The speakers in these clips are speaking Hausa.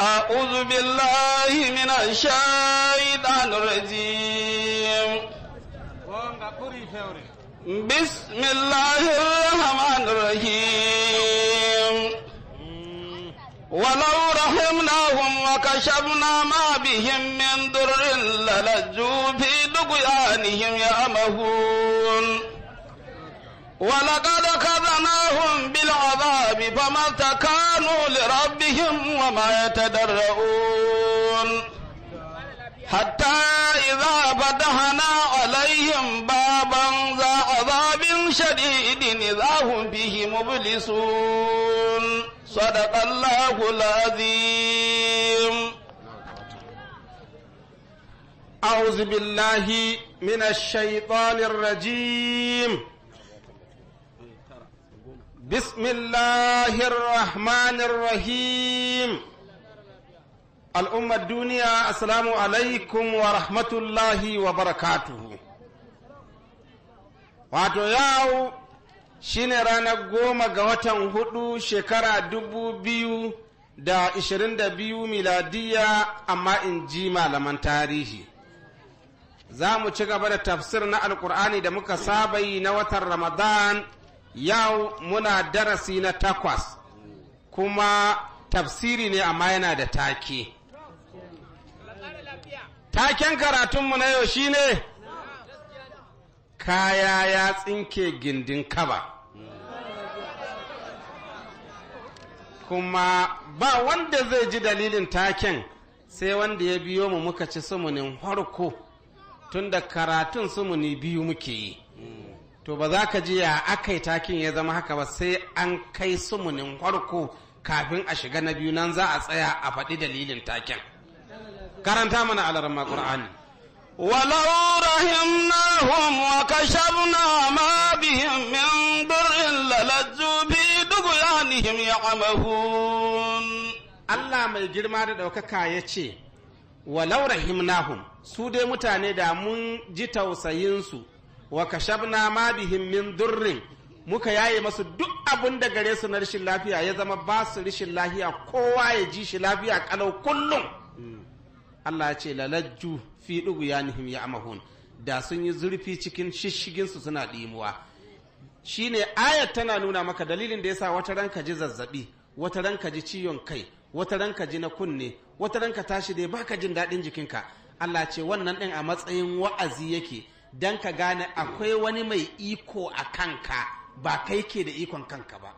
أعوذ بالله من الشيطان الرجيم بسم الله الرحمن الرحيم ولو رحمناهم وكشفنا ما بهم من ضر للجوا في دقيانهم يعمهون ولقد خذناهم بالعذاب فما تكانوا لربهم وما يتدرؤون حتى إذا فتحنا عليهم بابا ذا عذاب شديد إذا هم به مبلسون صدق الله العظيم أعوذ بالله من الشيطان الرجيم بسم الله الرحمن الرحيم الأمة الدنيا السلام عليكم ورحمة الله وبركاته wato yau shine ranar goma ga watan hudu shekara dubu biyu da ishirin da biyu miladiya amma in ji malaman tarihi za mu ci gaba da tafsir na alkur'ani da muka saba yi na watan ramadan yau muna darasi na takwas kuma tafsiri ne amma yana da take taken karatunmu na yau shine kaya ya tsinke gindin kaba kuma ba wanda zai ji dalilin taken sai wanda ya biyo mu muka ci sumunin harko tun da karatun sumuni biyu muke yi to ba za ka ji ya aka yi takin ya zama haka ba sai an kai sumunin farko kafin a shiga na biyu nan za a tsaya a faɗi dalilin takin karanta mana alarma qur'ani ولو رحمناهم وكشفنا ما بهم من ضر للجوا في دغيانهم يعمهون الله mai girma da ɗaukaka ya ce walau rahimnahum su dai mutane da mun ji tausayinsu wa kashabna ma bihim min durrin muka yaye masu duk abun da gare su na rashin lafiya ya zama ba su rashin lafiya kowa ya ji shi lafiya kalau kullum Allah ya ce lalajju fi ya amahun da sun yi zurfi cikin shishigin su suna dimuwa shine ayat tana nuna maka dalilin da yasa wata ranka ji zazzabi wata ranka ji ciwon kai wata ranka ji na kunne wata ranka tashi dai baka jin daɗin jikinka Allah ce wannan ɗin a matsayin wa'azi yake don ka gane akwai wani mai iko a kanka ba kai ke da ikon kanka ba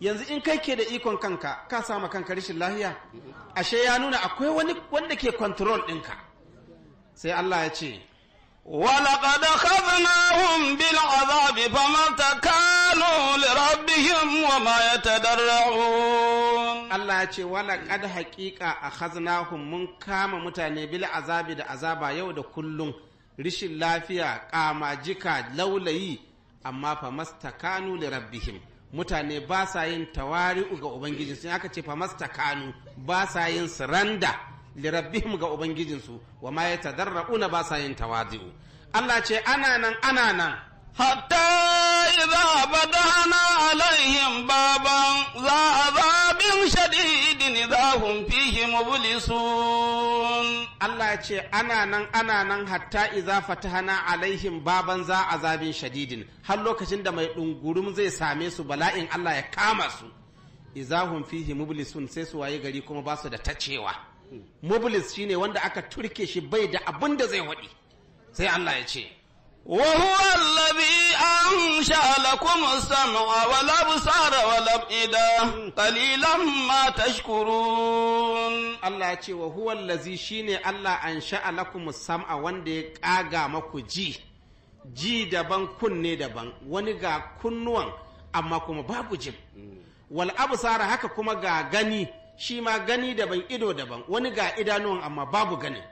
yanzu in kai ke da ikon kanka ka sama kanka rashin lahiya ashe ya nuna akwai wani wanda ke control ɗinka sai Allah ya ce ولقد أخذناهم بالعذاب فما تكالوا لربهم وما يتدرعون الله يقول ولقد حقيقة أخذناهم من كام متاني بالعذاب da azaba yau da kullum. rishin lafiya kama jika laulayi amma fa mastakanu li rabbihim mutane ba sa yin tawari'u ga ubangijinsu aka ce fa mastakanu ba sa yin siranda li rabbihim ga ubangijinsu wa ma yatadarrauna ba sa yin tawadi'u Allah ce ana nan ana nan hatta idza badana alaihim baban za azabin shadidin idza hum fihi mublisun Allah ya ce ana nan ana nan hatta iza fatahana alaihim baban za zabin shadidin har lokacin da mai ɗungurum zai same su bala'in Allah ya kama su hun fihi mublisun sai su waye gari kuma ba su da ta tacewa mublis shine wanda aka turke shi bai da abin da zai waɗi sai Allah ya ce وهو الذي أنشأ لكم السمع والأبصار والأفئدة قليلا ما تشكرون الله يقول وهو ji daban kunne wani ga kunnuwan amma kuma babu jin wal haka kuma ga gani shi ma gani daban ido daban wani ga idanuwan amma babu ganin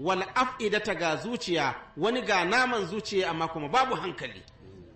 wal af'idata ga zuciya wani ga naman zuciya amma kuma babu hankali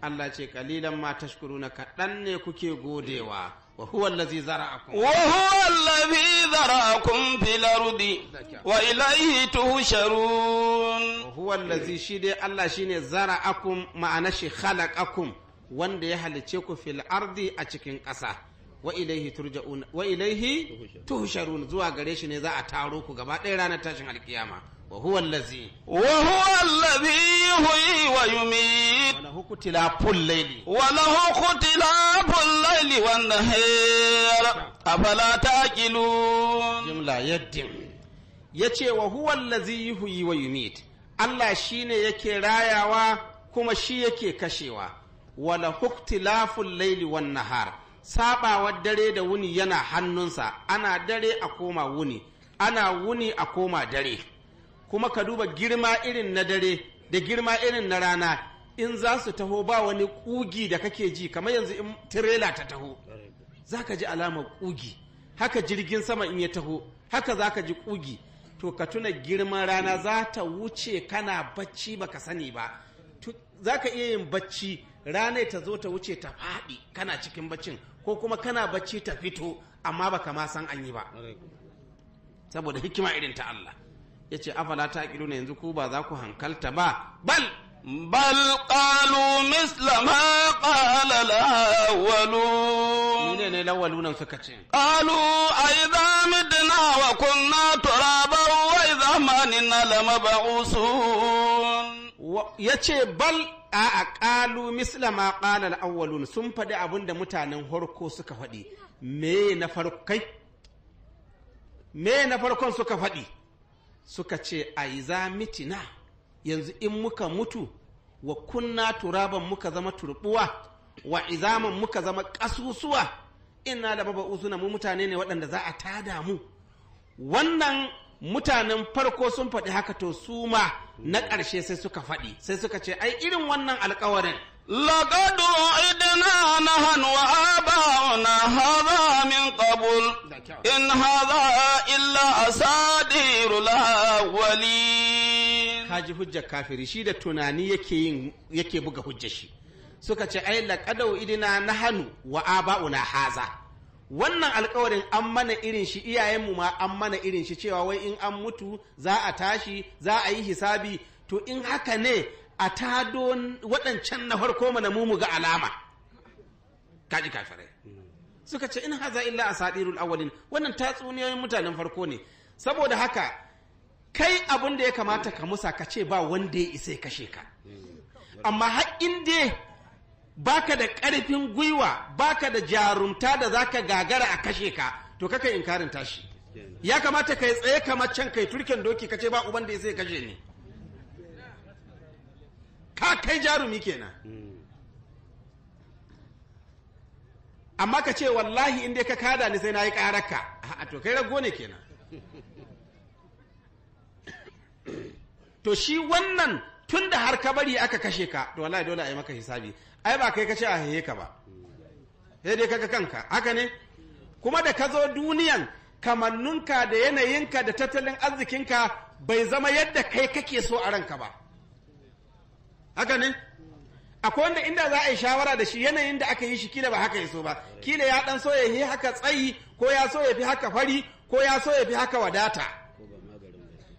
Allah ce kalilan ma tashkuru na kaɗan ne kuke godewa wa huwa allazi zara'akum wa huwa allazi zara'akum fil ardi wa ilayhi tuhsharun wa huwa allazi shi dai Allah shine zara'akum ma'ana shi khalaqakum wanda ya halice ku fil ardi a cikin ƙasa wa ilaihi turja'un wa ilaihi tuhsharun zuwa gare shi ne za a taro ku gaba ɗaya ranar tashin alkiyama وهو الذي وهو الذي يحيي ويميت وله اختلاف الليل وله اختلاف الليل والنهار أفلا تأكلون جملة يدعي يتي وهو الذي يحيي ويميت الله yumit Allah shine yake rayawa kuma shi yake kashewa wala huktilaful laili wan nahar sabawar dare da wuni yana hannunsa ana dare a koma wuni ana wuni a koma dare kuma ka duba girma irin na dare da girma irin na rana in za su taho ba wani ƙugi da kake ji kamar yanzu in tirela ta taho za ka ji alamar ƙugi haka jirgin sama in ya taho haka za ka ji ƙugi to ka tuna girman rana za ta wuce kana bacci ba ka sani ba za ka iya yin bacci rana ta zo ta wuce ta faɗi kana cikin baccin ko kuma kana bacci ta fito amma baka ma san an yi ba saboda hikima irin ta Allah ya ce afala ta ƙilu na yanzu ku ba za ku hankalta ba bal bal ƙalu mislama ƙala lawalu ne ne lawalu nan suka ce ƙalu a yi za mu dina wa kunna turaba wai zamani na lama ba'usun ya ce bal a'a ƙalu misla ma ƙala al'awwalun sun faɗi abin da mutanen horko suka faɗi me na me na farkon suka faɗi suka ce a yi za mitina yanzu in muka mutu wa kunna turaban muka zama turbuwa wa izaman muka zama ƙasusuwa ina da maba'usuna mu mutane ne waɗanda za a tada mu wannan mutanen farko sun faɗi haka to suma na ƙarshe sai suka faɗi sai suka ce ai irin wannan alkawarin لقد وعدنا نحن وآباؤنا هذا من يقبل إن هذا إلا الأولين hujjar كافر shi da tunani yake yin yake buga hujjar shi suka ce ai laqadau idina nahanu wa aba'una haza wannan alkawarin an mana irin shi iyayenmu ma an mana irin shi cewa wai in an mutu za a tashi za a yi hisabi to in haka ne a tado waɗancan na farko mana mu mu ga alama kaji kafirai suka ce in haza illa sadirul awalin wannan tatsuniyoyin mutanen farko ne saboda haka kai abin da ya kamata ka musa ka ce ba wanda ya isa kashe ka amma har in dai baka da ƙarfin gwiwa baka da jarumta da zaka gagara a kashe ka to kaka inkarin tashi ya kamata ka yi tsaye kamar can kai turken doki ka ce ba uban da ya sai kashe ne ka kai jarumi kenan amma ka ce wallahi inda ka kada ni sai na yi ƙararka a to kai rago ne kenan to shi wannan tun da har ka bari aka kashe ka to wallahi dole a yi maka hisabi ai ba kai ka ce a haye ka ba sai dai kaga kanka haka ne kuma da ka zo duniyan kamannunka da yanayinka da tattalin arzikinka bai zama yadda kai kake so a ranka ba haka ne akwai wanda inda za a yi shawara da shi yanayin da aka yi shi kila ba haka ya so ba kila ya dan so ya yi haka tsayi ko ya so ya fi haka fari ko ya so ya fi haka wadata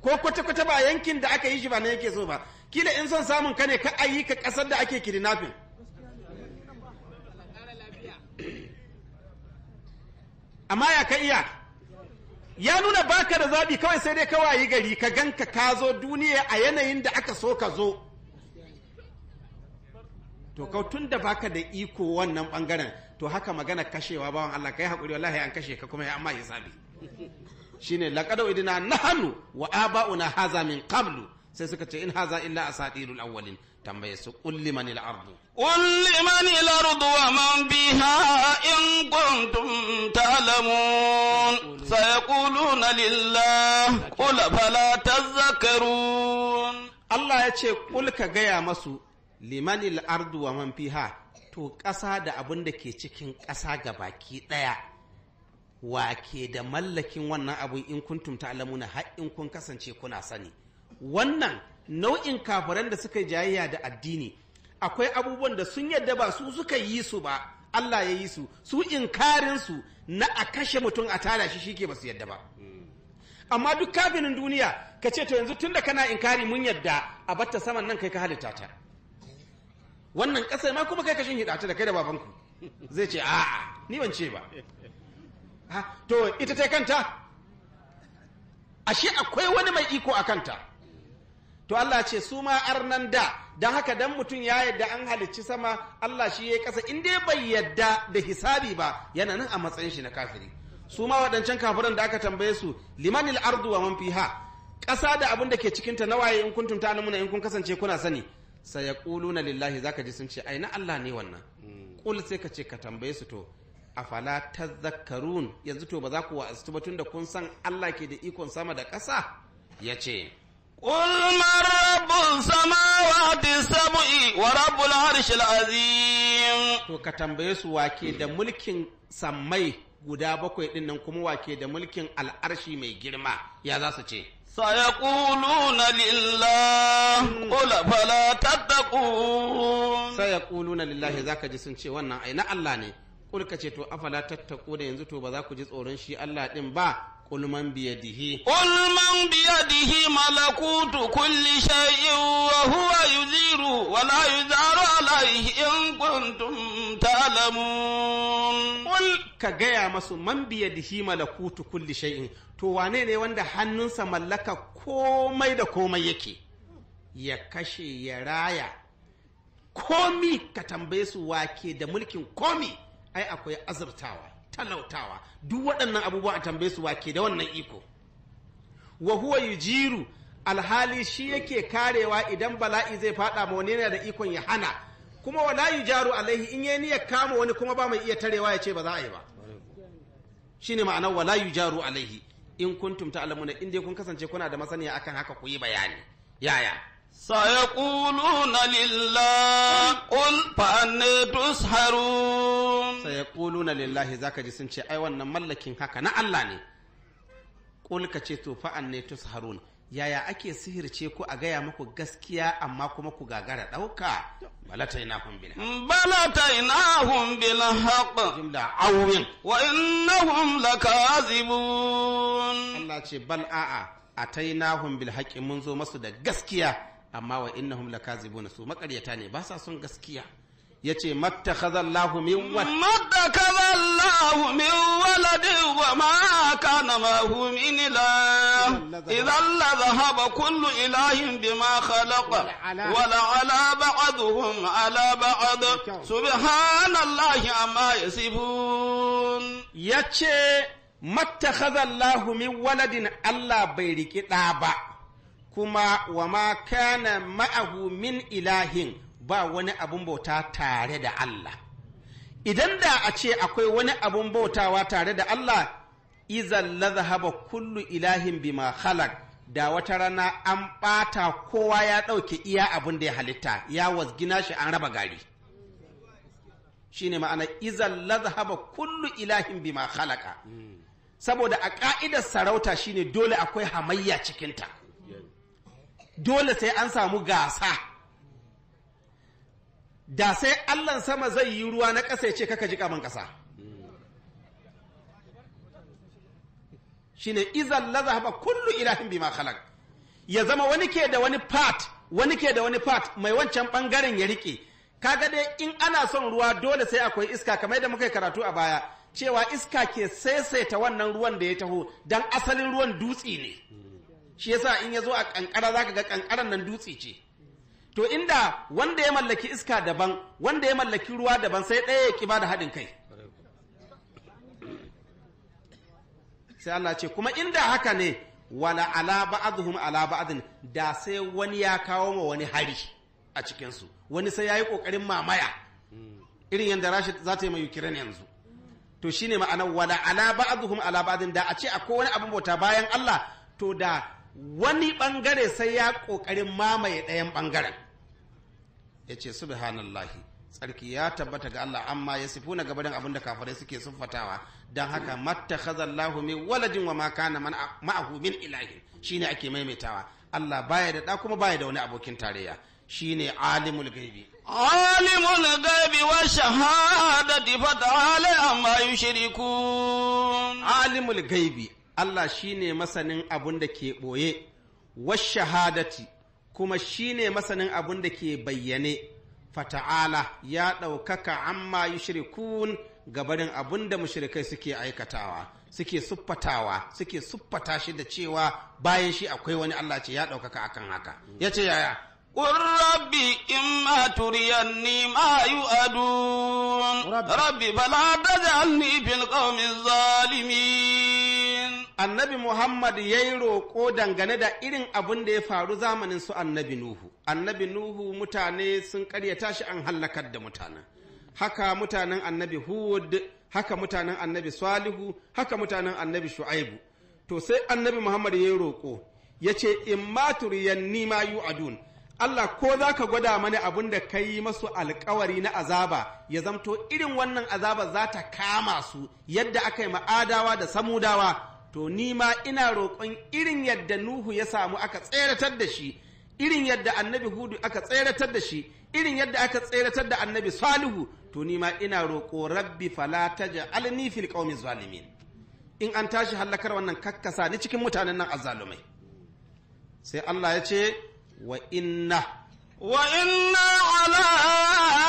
ko kwata-kwata ba yankin da aka yi shi ba na yake so ba kila in son samun ka ne ka ayi ka kasar da ake kidnapping amma ya ka iya ya nuna baka da zabi kawai sai dai ka wayi gari ka ganka ka zo duniya a yanayin da aka so ka zo to kau tun da baka da iko wannan bangaren to haka magana kashewa bawan Allah kai hakuri wallahi an kashe ka kuma ya amma hisabi shine laqad idina nahnu wa aba'una haza min qablu sai suka ce in haza illa asatirul awwalin tambaye su qul manil ardu qul manil ardu wa man biha in kuntum ta'lamun sayaquluna lillahi qul fala tadhakkarun Allah ya ce kul ka gaya masu limanil ardu wa man fiha to ƙasa da abin da ke cikin ƙasa ga baki ɗaya wa ke da mallakin wannan abun in tumta alamuna har in kun kasance kuna sani wannan nau'in kafiran da suka jayayya da addini akwai abubuwan da sun yadda ba su suka yi su ba Allah ya yi su su inkarin su na a kashe mutum a tara shi shike ba su yadda ba amma duk kafinin duniya ka ce to yanzu tunda kana inkari mun yadda a batta saman nan kai ka halitta ta wannan ƙasar ma kuma kai ka hidata da kai da babanku zai ce a'a ni ban ce ba to ita ta kanta ashe akwai wani mai iko a kanta to Allah ce su ma arnan da don haka dan mutum ya yadda an halicci sama Allah shi ya kasa in dai bai yadda da hisabi ba yana nan a matsayin shi na kafiri su ma waɗancan kafiran da aka tambaye su limanil arduwa wa man fiha ƙasa da abin da ke cikinta waye in kuntum ta'lamuna in kun kasance kuna sani na lillahi zaka ji sun ce ai na Allah ne wannan kul hmm. sai ka ce ka tambaye su to afala tazakkarun yanzu to ba za ku asitu ba tunda kun san Allah ke da ikon sama da ƙasa yace قل من رب السماوات السبع ورب العرش العظيم to ka tambaye su wake da mulkin sammai guda bakwai ɗin nan kuma wake da mulkin al'arshi mai girma ya za su ce Saya ƙulu na lillah kula falata ta ƙun. Saya na lillah zaka ji sun ce wannan aina Allah ne kuma ce to afala tattaku da yanzu to ba za ku ji tsoron shi Allah ɗin ba ƙunuman biyar ta ke. Kulman biyar ta ke Malakutu kulli shanye wuhu, ayi jiru wala ayi zaro, alaƙin ƙungiyar tun ta lamu. ka gaya masu man biya dihi malakutu kulli shay'in to wane ne wanda hannunsa mallaka komai da komai yake ya kashe ya raya komi ka tambaye su wake da mulkin komi ai akwai azurtawa talautawa duk waɗannan abubuwa a tambaye su wake da wannan iko wa huwa yujiru alhali shi yake karewa idan bala'i zai fada ma wani yana da ikon ya hana kuma wala yujaru alaihi in yayi niyyar kama wani kuma ba mai iya tarewa ya ce ba za a yi ba shine ma'anar wala yujaru alaihi in kuntum ta'lamuna in dai kun kasance kuna da masaniya akan haka ku yi bayani yaya sayaquluna lillah qul fa anna tusharun sayaquluna lillahi zaka ji sun ce ai wannan mallakin haka na Allah ne qul ka ce to fa anna tusharun yaya ake sihirce ku a gaya muku gaskiya amma kuma ku gagara ɗauka balatainahum bil haqq balatainahum bil haqq jumla awwin wa innahum lakazibun Allah ce bal a'a atainahum bil haqq mun zo masu da gaskiya amma wa innahum lakazibun su makaryata ne ba sa son gaskiya yace mattakhadha Allahu min walad mattakhadha Allahu min waladin wa ma kana ma min ilah إذا لذهب كل إله بما خلق ولعلى بعضهم على بعض سبحان الله عما يصفون يتشي ما الله من ولد الله بيرك دابا kuma wa ma kana ma'ahu min ilahin ba wani abun tare da Allah idan da a ce akwai wani abun bautawa tare da Allah izan lazahaba kullu ilahin bima khalaq da wata rana an ɓata kowa ya ɗauke iya abin da ya halitta ya wasgina shi an raba gari Shi ne ma'ana izan lazahaba kullu ilahin bima khalaqa saboda a ƙa'idar sarauta shine dole akwai hamayya cikinta dole sai an samu gasa da sai allan sama zai yi ruwa na ƙasa ya ce kaka ji kaman ƙasa shine izan la zahaba kullu ilahin bima khalaq ya zama wani ke da wani part wani ke da wani part mai wancan bangaren ya rike kaga dai in ana son ruwa dole sai akwai iska kamar da muka karatu a baya cewa iska ke saisaita wannan ruwan da ya taho dan asalin ruwan dutse ne shi yasa in ya zo a kankara zaka ga kankaran nan dutse ce to inda wanda ya mallaki iska daban wanda ya mallaki ruwa daban sai ɗaya ya kiba da haɗin kai sai Allah ce kuma inda haka ne wala ala ba'dhum ala ba'din da sai wani ya kawo ma wani hari a cikin su wani sai yayi kokarin mamaya irin yanda Rashid za ta yi ma Ukraine yanzu to shine ma'ana wala ala ba'dhum ala ba'din da a ce akwai wani abin bauta bayan Allah to da wani bangare sai ya kokarin mamaye ɗayan bangaren yace subhanallahi tsarki ya tabbata ga Allah amma ya sifuna gabarin abin da kafirai suke siffatawa don haka mattakhadha Allahu min waladin wa ma kana ma'ahu min ilahin shine ake maimaitawa Allah baya da da kuma baya da wani abokin tarayya shine alimul gaibi alimul gaibi wa shahadati fata'ala amma yushrikun alimul gaibi Allah shine masanin abun da ke boye wa shahadati kuma shine masanin abun da ke bayyane fata'ala ya ɗaukaka amma shirikun gabarin abin da mushrikai suke aikatawa suke suffatawa suke suffata shi da cewa bayan shi akwai wani Allah ce ya ɗaukaka akan haka ya ce yaya قل رب إما تريني adun rabbi bala بلا تجعلني في القوم zalimin. annabi Muhammad ya yi roƙo dangane da irin abin da ya faru zamanin su annabi Nuhu. Annabi Nuhu mutane sun karyata shi an hallakar da mutanen. Haka mutanen annabi Hud, haka mutanen annabi Salihu, haka mutanen annabi Shu'aibu. To sai annabi Muhammad ya yi roƙo, ya ce, In ma turiyanni ma yu adun, Allah ko za ka gwada mani abin da ka yi masu alkawari na azaba ya zamto irin wannan azaba za ta kama su yadda aka yi ma'adawa da samudawa to ni ma ina roƙon irin yadda Nuhu ya samu aka tseratar da shi irin yadda annabi Hudu aka tseratar da shi irin yadda aka tseratar da annabi Salihu to ni ma ina roƙo rabbi falata ja alnifil qaumi zalimin in an tashi hallakar wannan kakkasa ni cikin mutanen nan azzalumai sai Allah ya ce wa inna wa inna ala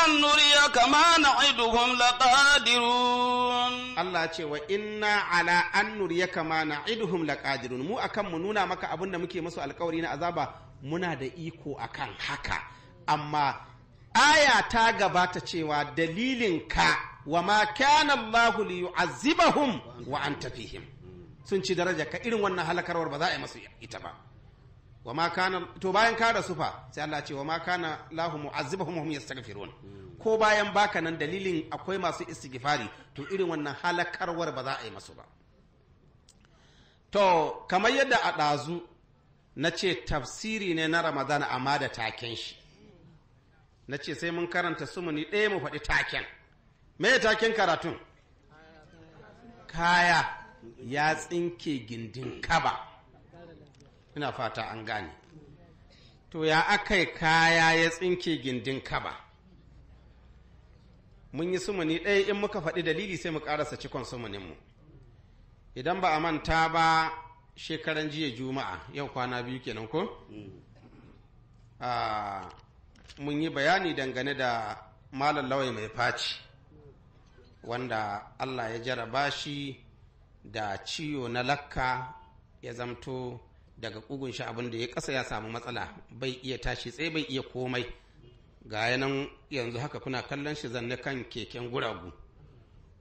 an nuriya kama na'iduhum laqadirun Allah ce wa inna ala an nuriyaka ma na'iduhum laqadirun mu akan mu nuna maka abin da muke masu alkawari na azaba muna da iko akan haka amma aya ta gabata cewa dalilin ka wa ma kana Allahu li yu'azzibahum wa anta fihim sun ci daraja ka irin wannan halakarwar ba za a yi masu ita ba wa kana to bayan ka rasu fa sai Allah ce wa ma kana lahu mu'azzibuhum hum yastaghfirun ko bayan baka nan dalilin akwai masu istighfari to irin wannan halakarwar ba za a yi masu ba to kamar yadda a ɗazu na ce tafsiri ne na ramadan amma da taken shi na ce sai mun karanta su sumuni ɗaya mu faɗi taken me ya taken karatun kaya ya tsinke gindin kaba ina fata an gane to ya aka yi kaya ya tsinke gindin kaba mun yi sumuni ɗaya in muka faɗi dalili sai mu ƙarasa cikon sumuninmu idan ba a manta ba shekaran jiya juma'a yau kwana biyu kenan ko ah, mun yi bayani dangane da malam lawai mai faci wanda allah ya jaraba shi da ciwo na lakka ya zamto daga kugun shi abin da ya kasa ya samu matsala bai iya tashi tsaye bai iya komai ga yanan yanzu haka kuna kallon shi zanne kan keken guragu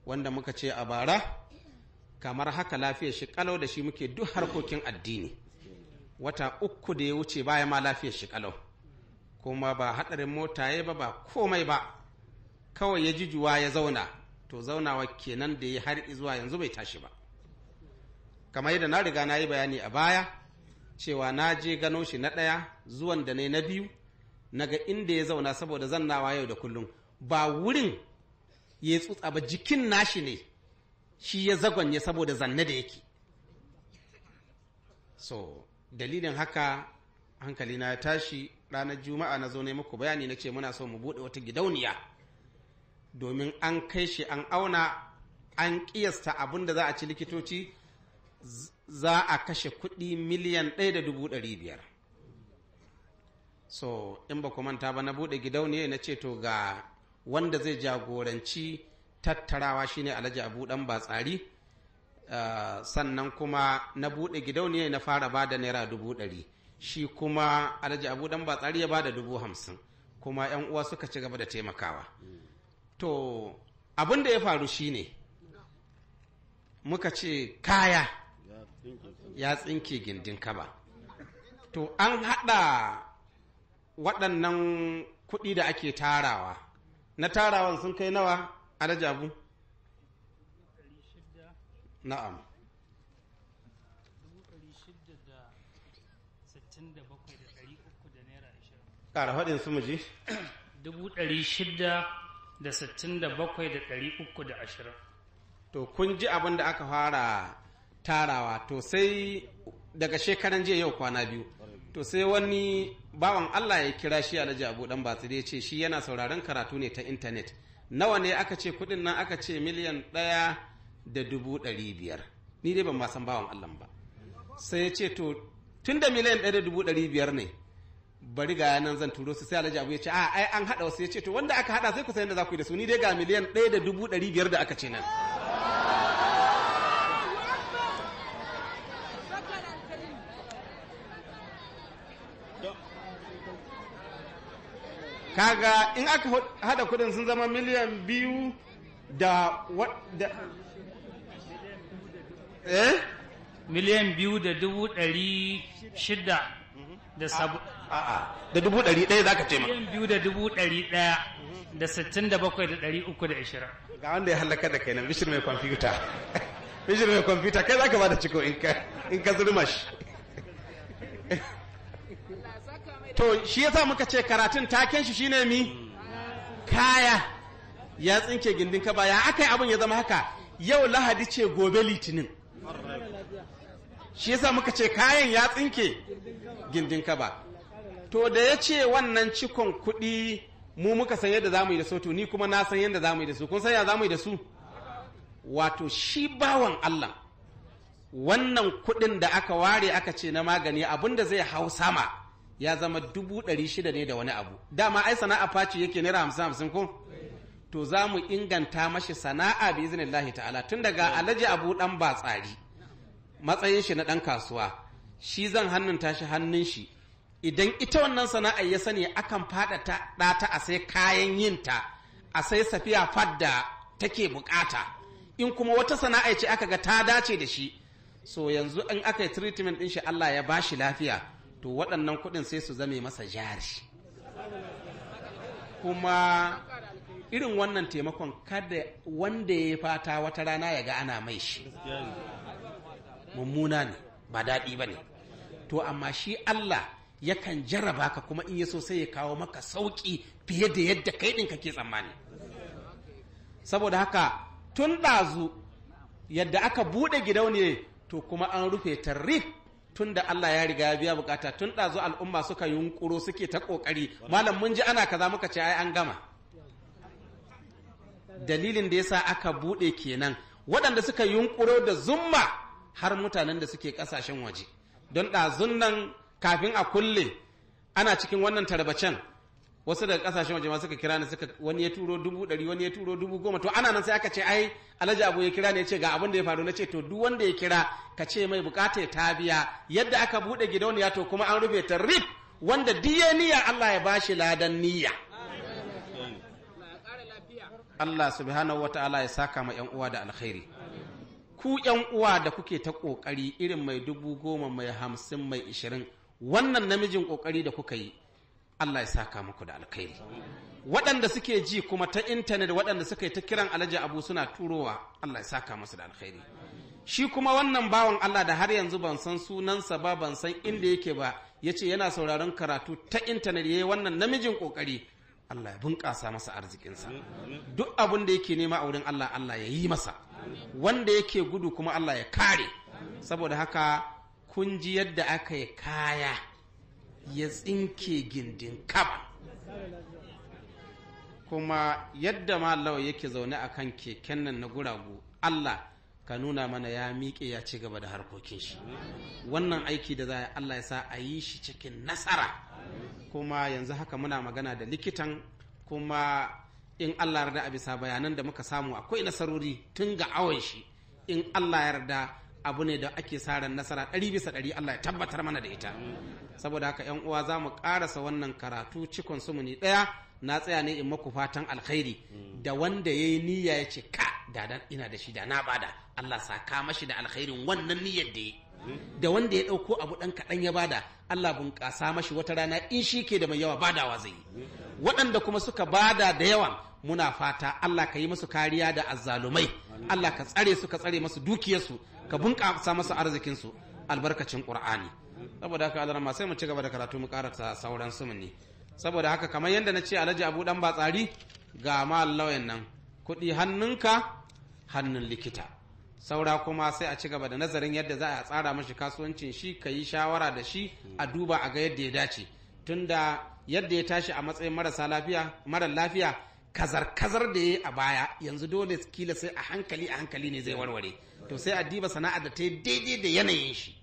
wanda muka ce a bara kamar haka lafiyar shi kalau da shi muke duk harkokin addini wata uku da ya wuce baya ma lafiyar shi kalau kuma ba hadarin mota ya ba ba komai ba kawai ya jijuwa ya zauna to zaunawa kenan da ya har zuwa yanzu bai tashi ba kamar yadda na riga na yi bayani a baya cewa na je gano shi na ɗaya zuwan da ne na biyu naga inda ya zauna saboda zan nawa yau da kullum ba wurin ya tsutsa ba jikin nashi ne shi ya zagonye saboda zanne da yake so dalilin haka hankali na ya tashi ranar juma'a na zo ne muku bayani na ce muna so mu buɗe wata gidauniya domin an kai shi an auna an ƙiyasta abin da za a ci likitoci za a kashe kuɗi miliyan ɗaya da dubu ɗari biyar so in ba manta ba na buɗe gidauniya na ce to ga wanda zai jagoranci tattarawa shine alhaji abu ɗan batsari uh, sannan kuma na buɗe gidauniya na fara ba da naira dubu ɗari shi kuma alhaji abu ɗan batsari ya ba da dubu hamsin kuma 'yan uwa suka ci gaba da taimakawa to abin da ya faru shine muka ce kaya ya tsinke gindin kaba to an haɗa waɗannan kuɗi da ake tarawa na tarawan sun kai nawa alajabu na'am ƙara haɗin su muji ashirin to kun ji abin da aka fara tarawa to sai daga shekaran jiya yau kwana biyu to sai wani bawan Allah ya kira shi alhaji abu dan batsire ya ce shi yana sauraron karatu ne ta intanet nawa ne aka ce kudin nan aka ce miliyan ɗaya da dubu ɗari biyar ni dai ban ma san bawan Allah ba sai ya ce to tun da miliyan ɗaya da dubu ɗari biyar ne bari ga nan zan turo su sai alhaji abu ya ce a ai an haɗa wasu ya ce to wanda aka haɗa sai ku san yadda za ku yi da su ni dai ga miliyan ɗaya da dubu ɗari biyar da aka ce nan kaga in aka hada kudin sun zama miliyan biyu da wadda eh miliyan biyu da dubu ɗari shida da sabu da dubu ɗari ɗaya za ka ce ma miliyan biyu da dubu ɗari ɗaya da sittin da bakwai da ɗari uku da ishira. ga wanda ya halaka da kenan bishir mai kwamfuta bishir mai kwamfuta kai za ka ba da ciko in ka zurmashi to shi yasa muka ce karatun taken shi shine mi kaya ya tsinke gindin ka baya ya aka yi abin ya zama haka yau lahadi ce gobe litinin shi yasa muka ce kayan ya tsinke gindin ka ba to da ya ce wannan cikon kuɗi mu muka san yadda zamu yi da su to ni kuma na san yadda zamu yi da su kun san ya zamu yi da su wato shi bawan Allah wannan kuɗin da aka ware aka ce na magani abin da zai hau sama ya zama dubu ɗari shida ne da wani abu dama ai sana'a faci yake naira hamsin hamsin ko to za mu inganta mashi sana'a bi lahi ta'ala tun daga alhaji abu dan batsari matsayin shi na ɗan kasuwa shi zan hannun tashi hannun shi idan ita wannan sana'a ya sani akan fada ta ɗata a sai kayan yin ta a sai safiya fadda take bukata in kuma wata sana'a ce aka ga ta dace da shi so yanzu in aka yi treatment din shi Allah ya bashi lafiya to waɗannan kuɗin sai su zame masa jari kuma irin wannan taimakon kada wanda ya fata wata rana ya ga ana mai shi mummuna ne ba daɗi ba ne to amma shi Allah yakan jarraba ka kuma in ya so sai ya kawo maka sauƙi fiye da yadda kai ɗin kake tsammani saboda haka tun ɗazu yadda aka buɗe ne to kuma an rufe tarif tun da Allah ya riga ya biya bukata tun ɗazu al'umma suka yunkuro suke ta ƙoƙari malam mun ji ana kaza muka ce ai an gama dalilin da yasa aka buɗe kenan waɗanda suka yunkuro da zumma har mutanen da suke ƙasashen waje don ɗazun nan kafin a kulle ana cikin wannan tarbacen wasu daga kasashen waje ma suka kira ni suka wani ya turo dubu ɗari wani ya turo dubu goma to ana nan sai aka ce ai alhaji abu ya kira ne ya ce ga abin da ya faru na ce to duk wanda ya kira ka ce mai bukata ta tabiya yadda aka buɗe gidauniya to kuma an rufe ta rip wanda diyaniya niyya Allah ya bashi ladan niyya Allah subhanahu wa ta'ala ya saka ma yan uwa da alkhairi ku yan uwa da kuke ta kokari irin mai dubu goma mai hamsin mai ishirin wannan namijin kokari da kuka yi Allah ya saka muku da alkhairi waɗanda suke ji kuma ta intanet waɗanda suka yi ta kiran alhaji abu suna turowa Allah ya saka musu da alkhairi shi kuma wannan bawan Allah da har yanzu ban san sunansa ba ban san inda yake ba ya ce yana sauraron karatu ta intanet ya yi wannan namijin ƙoƙari Allah ya bunƙasa masa arzikinsa duk abin da yake nema a wurin Allah Allah ya yi masa wanda yake gudu kuma Allah ya kare saboda haka kun ji yadda aka yi kaya ya tsinke gindin kaba kuma yadda ma malawa yake zaune a kan keken nan na guragu allah ka nuna mana ya miƙe ya ci gaba da harkokin shi wannan aiki da za allah ya sa a yi shi cikin nasara kuma yanzu haka muna magana da likitan kuma in allah yarda a bisa bayanan da muka samu akwai nasarori tun ga awon shi in allah yarda abu ne da ake sa ran nasara ɗari bisa ɗari Allah ya tabbatar mana da ita saboda haka yan uwa za mu ƙarasa wannan karatu cikon sumuni ɗaya na tsaya ne in maku fatan alkhairi da wanda ya yi niyya ya ce ka da ina da shi da na bada Allah saka mashi da alkhairin wannan niyyar da ya da wanda ya ɗauko abu ɗan kaɗan ya bada Allah bunƙasa mashi wata rana in shi ke da mai yawa badawa zai yi waɗanda kuma suka bada da yawan muna fata Allah ka yi musu kariya da azzalumai Allah ka tsare su ka tsare masu dukiyarsu ka bunƙasa masa arzikinsu albarkacin ƙur'ani saboda haka alarma sai mu ci gaba da karatu mu ƙara sauran sumuni saboda haka kamar yadda na ce alhaji abu dan batsari ga malawayan nan kuɗi hannunka hannun likita saura kuma sai a ci gaba da nazarin yadda za a tsara mashi kasuwancin shi ka yi shawara da shi a duba a ga yadda ya dace tunda yadda ya tashi a matsayin marasa lafiya marar lafiya kazar kazar da ya yi a baya yanzu dole kila sai a hankali a hankali ne zai warware to sai a diba sana'a da ta yi daidai da yanayin shi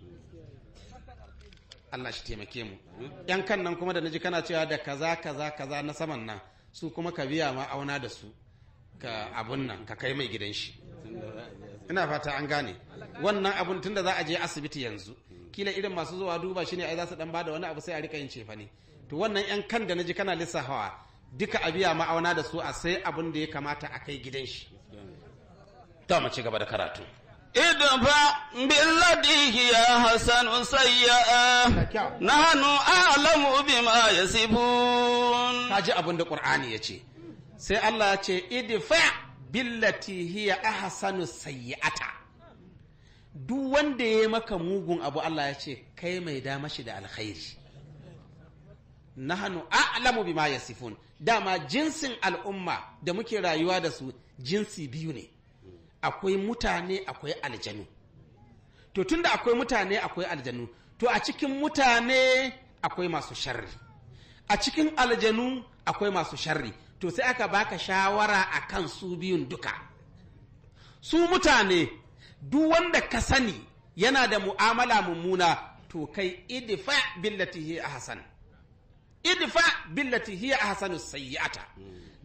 Allah shi taimake mu yan kan nan kuma da naji kana cewa da kaza kaza kaza na saman nan su kuma ka biya ma auna da su ka abun nan ka kai mai gidan shi ina fata an gane wannan abun tunda za a je asibiti yanzu kila irin masu zuwa duba shi ne ai za su dan bada wani abu sai a rika yin cefa ne to wannan yan kan da naji kana hawa duka a biya ma'auna da su a sai abun da ya kamata a kai gidan shi ta mu ci gaba da karatu ادفع بالذي هي حسن سيئة نحن أعلم بما يصفون كاجي أبن القرآن يجي سي الله يجي ادفع بالتي هي أحسن سيئة duk wanda ya maka mugun abu Allah ya ce kai mai dama shi da alkhairi nahnu a'lamu bima yasifun dama jinsin al'umma da muke rayuwa da su jinsi biyu ne akwai mutane akwai aljanu to tunda akwai mutane akwai aljanu to a cikin mutane akwai masu sharri a cikin aljanu akwai masu sharri to sai aka baka shawara a kan su biyun duka su mutane duk wanda ka sani yana da mu'amala mummuna to kai idfa billati hiya ahsan idfa billati hiya ahsanu sayyata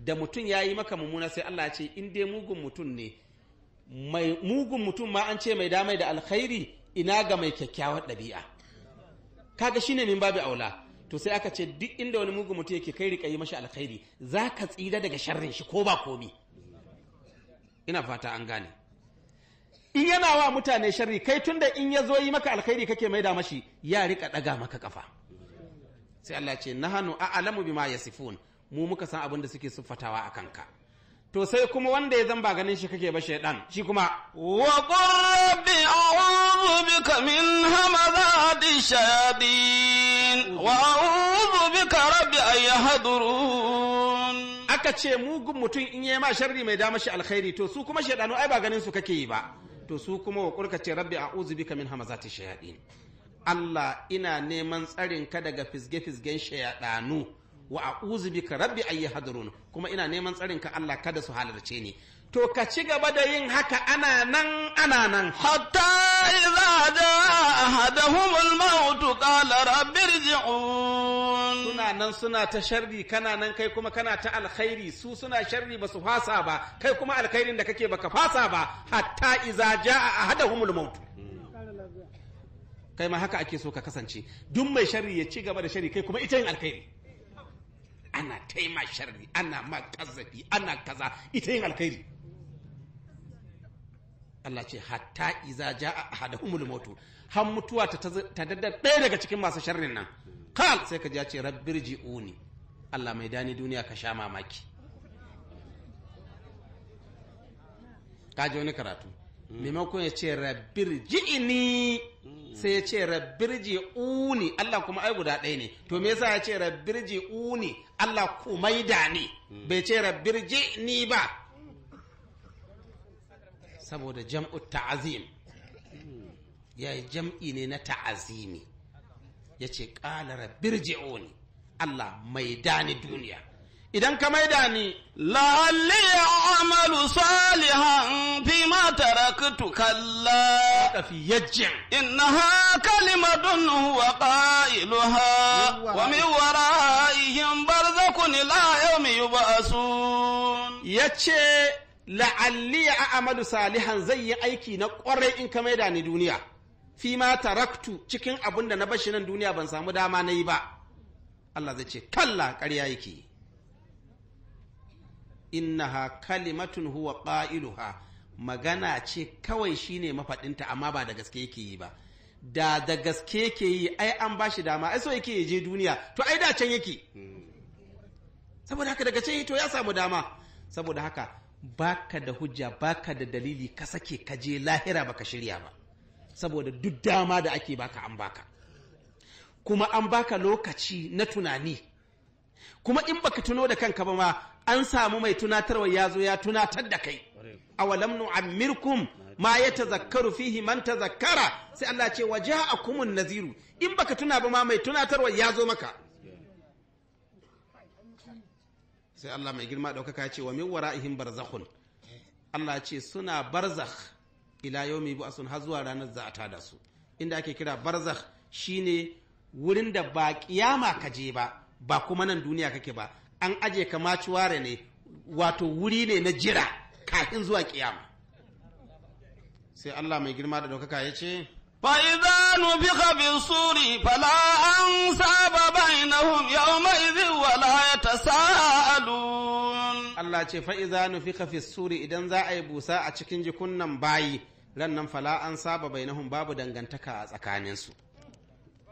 da mutum yayi maka mummuna sai Allah ya ce in dai mugun mutum ne mai mugun mutum ma an ce mai damai da alkhairi ina ga mai kyakkyawar ɗabi'a kaga shine min babu aula to sai aka ce duk inda wani mugun mutum yake kai riƙa yi mashi alkhairi za ka tsira daga sharrin shi ko ba komi ina fata an gane in yana wa mutane sharri kai tunda in ya zo yi maka alkhairi kake mai da mashi ya rika ɗaga maka kafa sai Allah ce nahanu a'lamu bima yasifun mu muka san abin da suke siffatawa a kanka to sai kuma wanda ya zan ba ganin shi kake ba shaidan shi kuma wa rabbi a'udhu bika min hamazati shayatin wa a'udhu bika rabbi an yahdurun aka ce mugun mutum in yayi ma sharri mai dama shi alkhairi to su kuma shaidanu ai ba ganin su kake yi ba to su kuma wa qurka ce rabbi a'udhu bika min hamazati shayatin Allah ina neman tsarin ka daga fisge-fisgen shayaɗanu wa a'udhu bika rabbi ayi hadrun kuma ina neman tsarin ka Allah kada su halarce ni to ka ci gaba da yin haka ana nan ana nan hatta idza jaa ahaduhum al qala rabbi irji'un suna nan suna ta sharri kana nan kai kuma kana ta alkhairi su suna sharri ba su fasa ba kai kuma alkhairin da kake baka fasa ba hatta idza jaa ahaduhum al kai ma haka ake so ka kasance duk mai sharri ya ci gaba da sharri kai kuma ita yin alkhairi ana taima sharri ana ma kazafi ana kaza ita yin alkhairi Allah ce hatta iza hada ahaduhumul mautu har mutuwa ta daddar ɗaya daga cikin masu sharrin nan kal sai ka ja ce rabbir ji'uni Allah mai dani duniya ka sha mamaki ka wani karatu Mm. maimakon ya ce rabbir ji'ini mm. sai ya ce rabbir uni Allah kuma ai guda ɗaya ne to me yasa ya ce rabbir uni Allah da ni, mm. bai ce rabbir ji'ni ba saboda jam'u ta'azim ya yi jam'i ne na ta'azimi ya ce ƙala uni Allah mai dani duniya idan ka maida ni la'alli amalu salihan fi ma taraktu kalla fi yajjin innaha kalimatun huwa qailuha wa min waraihim barzakhun ila yawmi yub'asun yace la'alli amalu salihan zai yi aiki na kwarai in ka maida ni duniya fi ma taraktu cikin abinda na bashi nan duniya ban samu dama na yi ba Allah zai ce kalla ƙarya yake innaha kalimatun huwa ƙailuha magana ce kawai shine mafaɗinta amma ba da gaske yake yi ba da da gaske yake yi ai an ba shi dama ai so yake je duniya to ai da can yake saboda haka daga can to ya samu dama saboda haka baka da hujja baka da dalili ka sake ka je lahira baka shirya ba saboda duk dama da ake baka an baka kuma an baka lokaci na tunani kuma in baka tuno da kanka ba ma an samu mai tunatarwa ya zo ya tunatar da kai awalam nu'ammirkum ma tazakkaru fihi man tazakkara sai Allah ce waja'akumun naziru in baka tuna ba ma mai tunatarwa ya zo maka sai Allah mai girma daukaka ya ce wa min wara'ihim barzakhun Allah ce suna barzakh ila yawmi bu'asun har zuwa ranar za ta su inda ake kira barzakh shine wurin da ba kiyama ka je ba ba kuma nan duniya kake ba an aje ka maciware ne wato wuri ne na jira kafin zuwa kiyama sai Allah mai girma da daukaka ya ce fa'iza nufiha bin suri fala an saba bainahum yawma idhin wala yatasaalun Allah ce fa'iza nufiha fi suri idan za a yi busa a cikin jikunnan bayi ran nan fala an saba bainahum babu dangantaka a tsakaninsu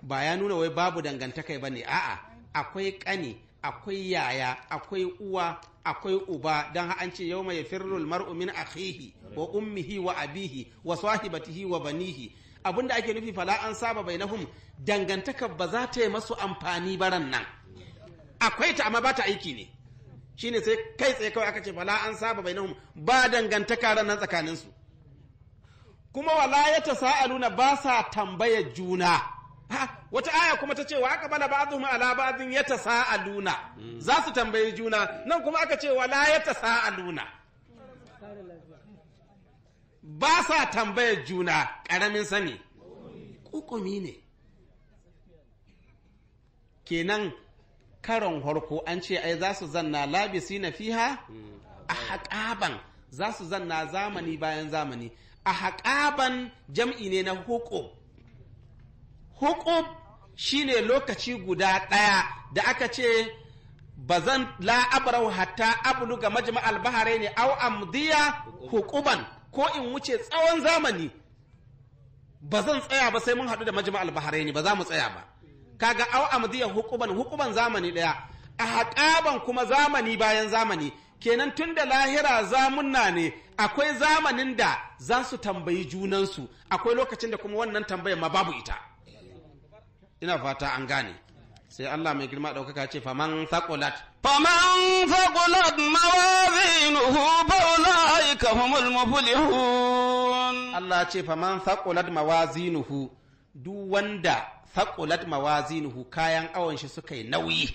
ba ya nuna wai babu dangantaka ba ne a'a akwai ƙani, akwai yaya akwai uwa akwai uba don an ce yau mai firrul mar'u min akhihi wa ummihi wa abihi wa sahibatihi wa banihi abinda ake nufi fala an saba bainahum dangantaka ba za ta yi masu amfani baran nan akwai ta amma ba ta aiki ne shine sai kai tsaye kawai aka ce fala an saba bainahum ba dangantaka ran nan tsakaninsu kuma wala ya ta sa'aluna ba sa tambayar juna wata aya kuma ta ce wa aka bala ya ala ba'dhin luna hmm. za su tambayi juna nan kuma aka ce wa la ya wala luna ba sa tambayar juna ƙaramin sani kukumi ne kenan karon horko an ce ai za su zanna labisi na fiha hmm. a haƙaban za su zanna zamani bayan zamani a haƙaban jam'i ne na hukum shi shine lokaci guda ɗaya da aka ce ba zan la'abarau hatta abulu ga majma'al bahare ne au amdiya hukuban ko in wuce tsawon zamani ba zan tsaya ba sai mun haɗu da majma'al bahare ne ba za mu tsaya ba kaga au amdiya hukuban hukuman zamani ɗaya a haƙaban kuma zamani bayan zamani kenan tun da lahira zamunna ne akwai zamanin da za su tambayi junansu akwai lokacin da kuma wannan tambayar ma babu ita ina fata an gane sai Allah mai girma ɗaukaka ce faman thaqulat faman thaqulat mawazinuhu fa ulaika humul muflihun Allah ce faman thaqulat mawazinuhu duk wanda thaqulat mawazinuhu kayan awon shi suka yi nauyi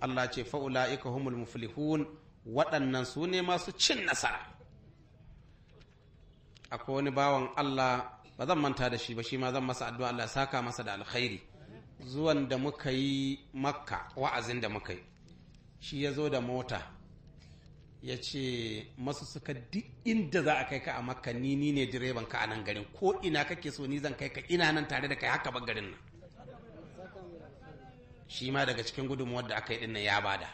Allah ce fa ulaika humul muflihun waɗannan su ne masu cin nasara akwai wani bawan Allah ba zan manta da shi ba shi ma zan masa addu'a Allah saka masa da alkhairi zuwan da muka yi makka wa'azin da muka yi shi ya zo da mota ya ce masu suka duk inda za a kai ka a makka ni ni ne direban ka a nan garin ko ina kake so ni zan kai ka ina nan tare da kai haka ba garin nan shi ma daga cikin gudunmuwar da aka yi dinnan ya bada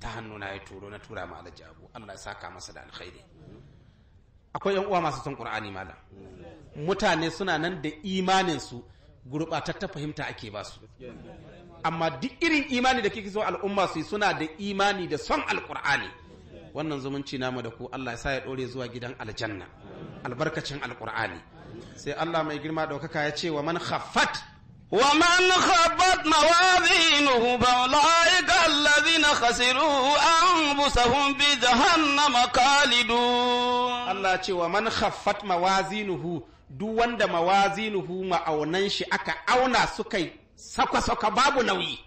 ta hannuna ya turo na tura ma alhaji abu allah ya saka masa da alkhairi akwai yan uwa masu son qur'ani malam mutane suna nan da imanin su gurɓatattar fahimta ake ba su amma duk irin imani da kike so al'umma su suna da imani da son alkur'ani wannan zumunci namu da ku Allah ya sa ya ɗore zuwa gidan aljanna albarkacin alkur'ani sai Allah mai girma ɗaukaka ya ce wa man khaffat ومن خبت موازينه فأولئك الذين خسروا أنفسهم بجهنم خالدون Allah ce wa man khaffat mawazinuhu duk wanda mawazinuhu ma'aunan shi aka auna suka sakwa-sakwa babu nauyi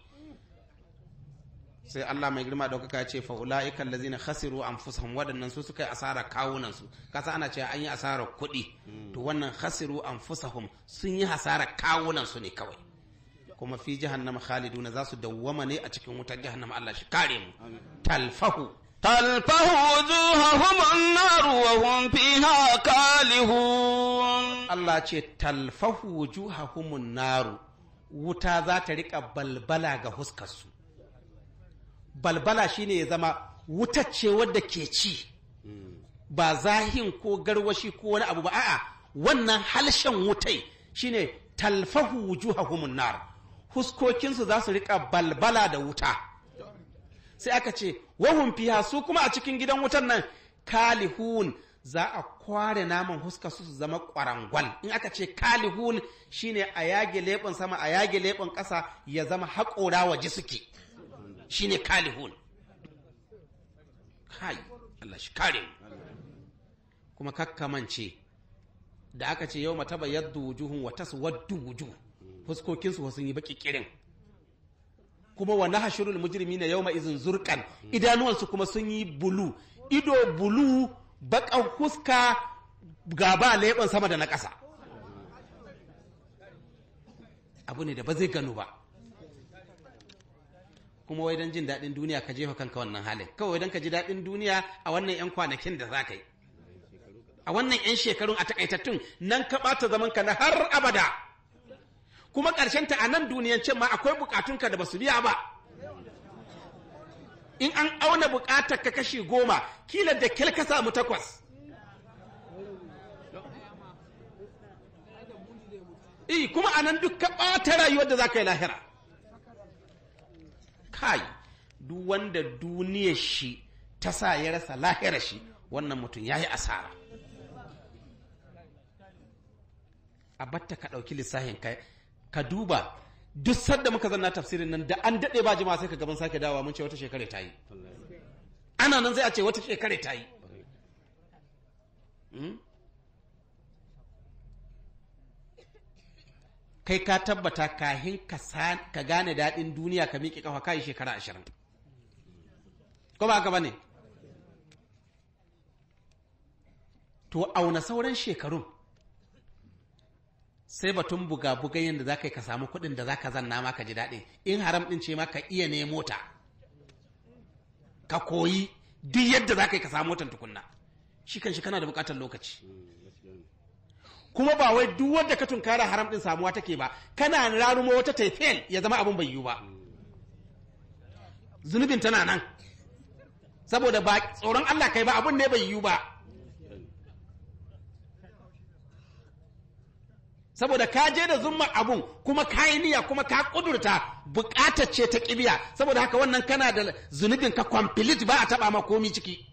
sai Allah mai girma ɗaukaka ce fa ula'ika hasiru an anfusahum waɗannan su suka yi asara kawunan su kasa ana cewa an yi asara kuɗi hmm. to wannan an anfusahum sun yi asara kawunan su ne kawai kuma fi Khalidu na za su dawwama ne a cikin wutar jihannama Allah shi kare mu talfahu تلفه ce talfahu wujuhahumun naru wuta za ta balbala ga huskarsu balbala shine ya zama ce wadda ke ci ba zahin ko garwashi ko wani abu ba a'a wannan halshen wutai shine talfahu wujuhahumun naru. huskokinsu za su rika balbala da wuta sai aka ce wahun fiha su kuma a cikin gidan wutan nan kalihun za a kware naman huska su su zama kwarangwal in aka ce kalihun shine a yage leɓen sama a yage leɓen ƙasa ya zama haƙora waje suke shine kalihun kai Allah shi kare kuma kakkamance da aka ce yau mata bayyaddu wujuhun wa taswaddu wujuh fuskokin su sun yi baki kirin kuma wa nahshurul mujrimina yawma izin zurqan idanuwansu kuma sun yi bulu ido bulu bakan huska gaba leban sama da na ƙasa abu ne da ba zai gano ba kuma wai don jin daɗin duniya ka jefa kanka wannan halin kawai don ka ji daɗin duniya a wannan 'yan kwanakin da za ka yi a wannan 'yan shekarun a takaitattun nan ka ɓata zamanka na har abada kuma ƙarshenta a nan duniyance ma akwai bukatunka da basu biya ba in an auna bukatar ka kashi goma kila da kil ka samu takwas eh, kuma a nan duk ka ɓata rayuwar da za ka yi lahira kai duk wanda duniyar shi ta sa ya rasa lahirar shi wannan mutum ya yi asara a batta ka ɗauki lissafin kai ka duba duk sadda muka zanna tafsirin nan da an dade ba jama'a sai ka gaban sake dawa mun ce wata shekara ta yi ana nan sai a ce wata shekara ta yi hmm? kai ka tabbata kahin ka gane daɗin duniya ka miƙe ƙafa kayi shekara ashirin ko ba haka ba ne to auna sauran shekarun sai batun buga buga yadda za ka yi ka samu kuɗin da za ka zanna ma ka ji daɗi in haram ɗin ce ma ka iya ne mota. ka koyi duk yadda za ka yi ka samu motan tukunna shi kan shi kana da buƙatar lokaci kuma ba wai duk wadda ka tunkara haram ɗin samuwa take ba kana ranumo wata ta ya zama abin bai yiwu ba zunubin tana nan saboda ba tsoron Allah kai ba abin ne bai yiwu ba saboda ka je da zumma abun kuma ka yi niyya kuma ka kudurta bukata ce ta kibiya saboda haka wannan kana da zunubin ka complete ba a taba ma komi ciki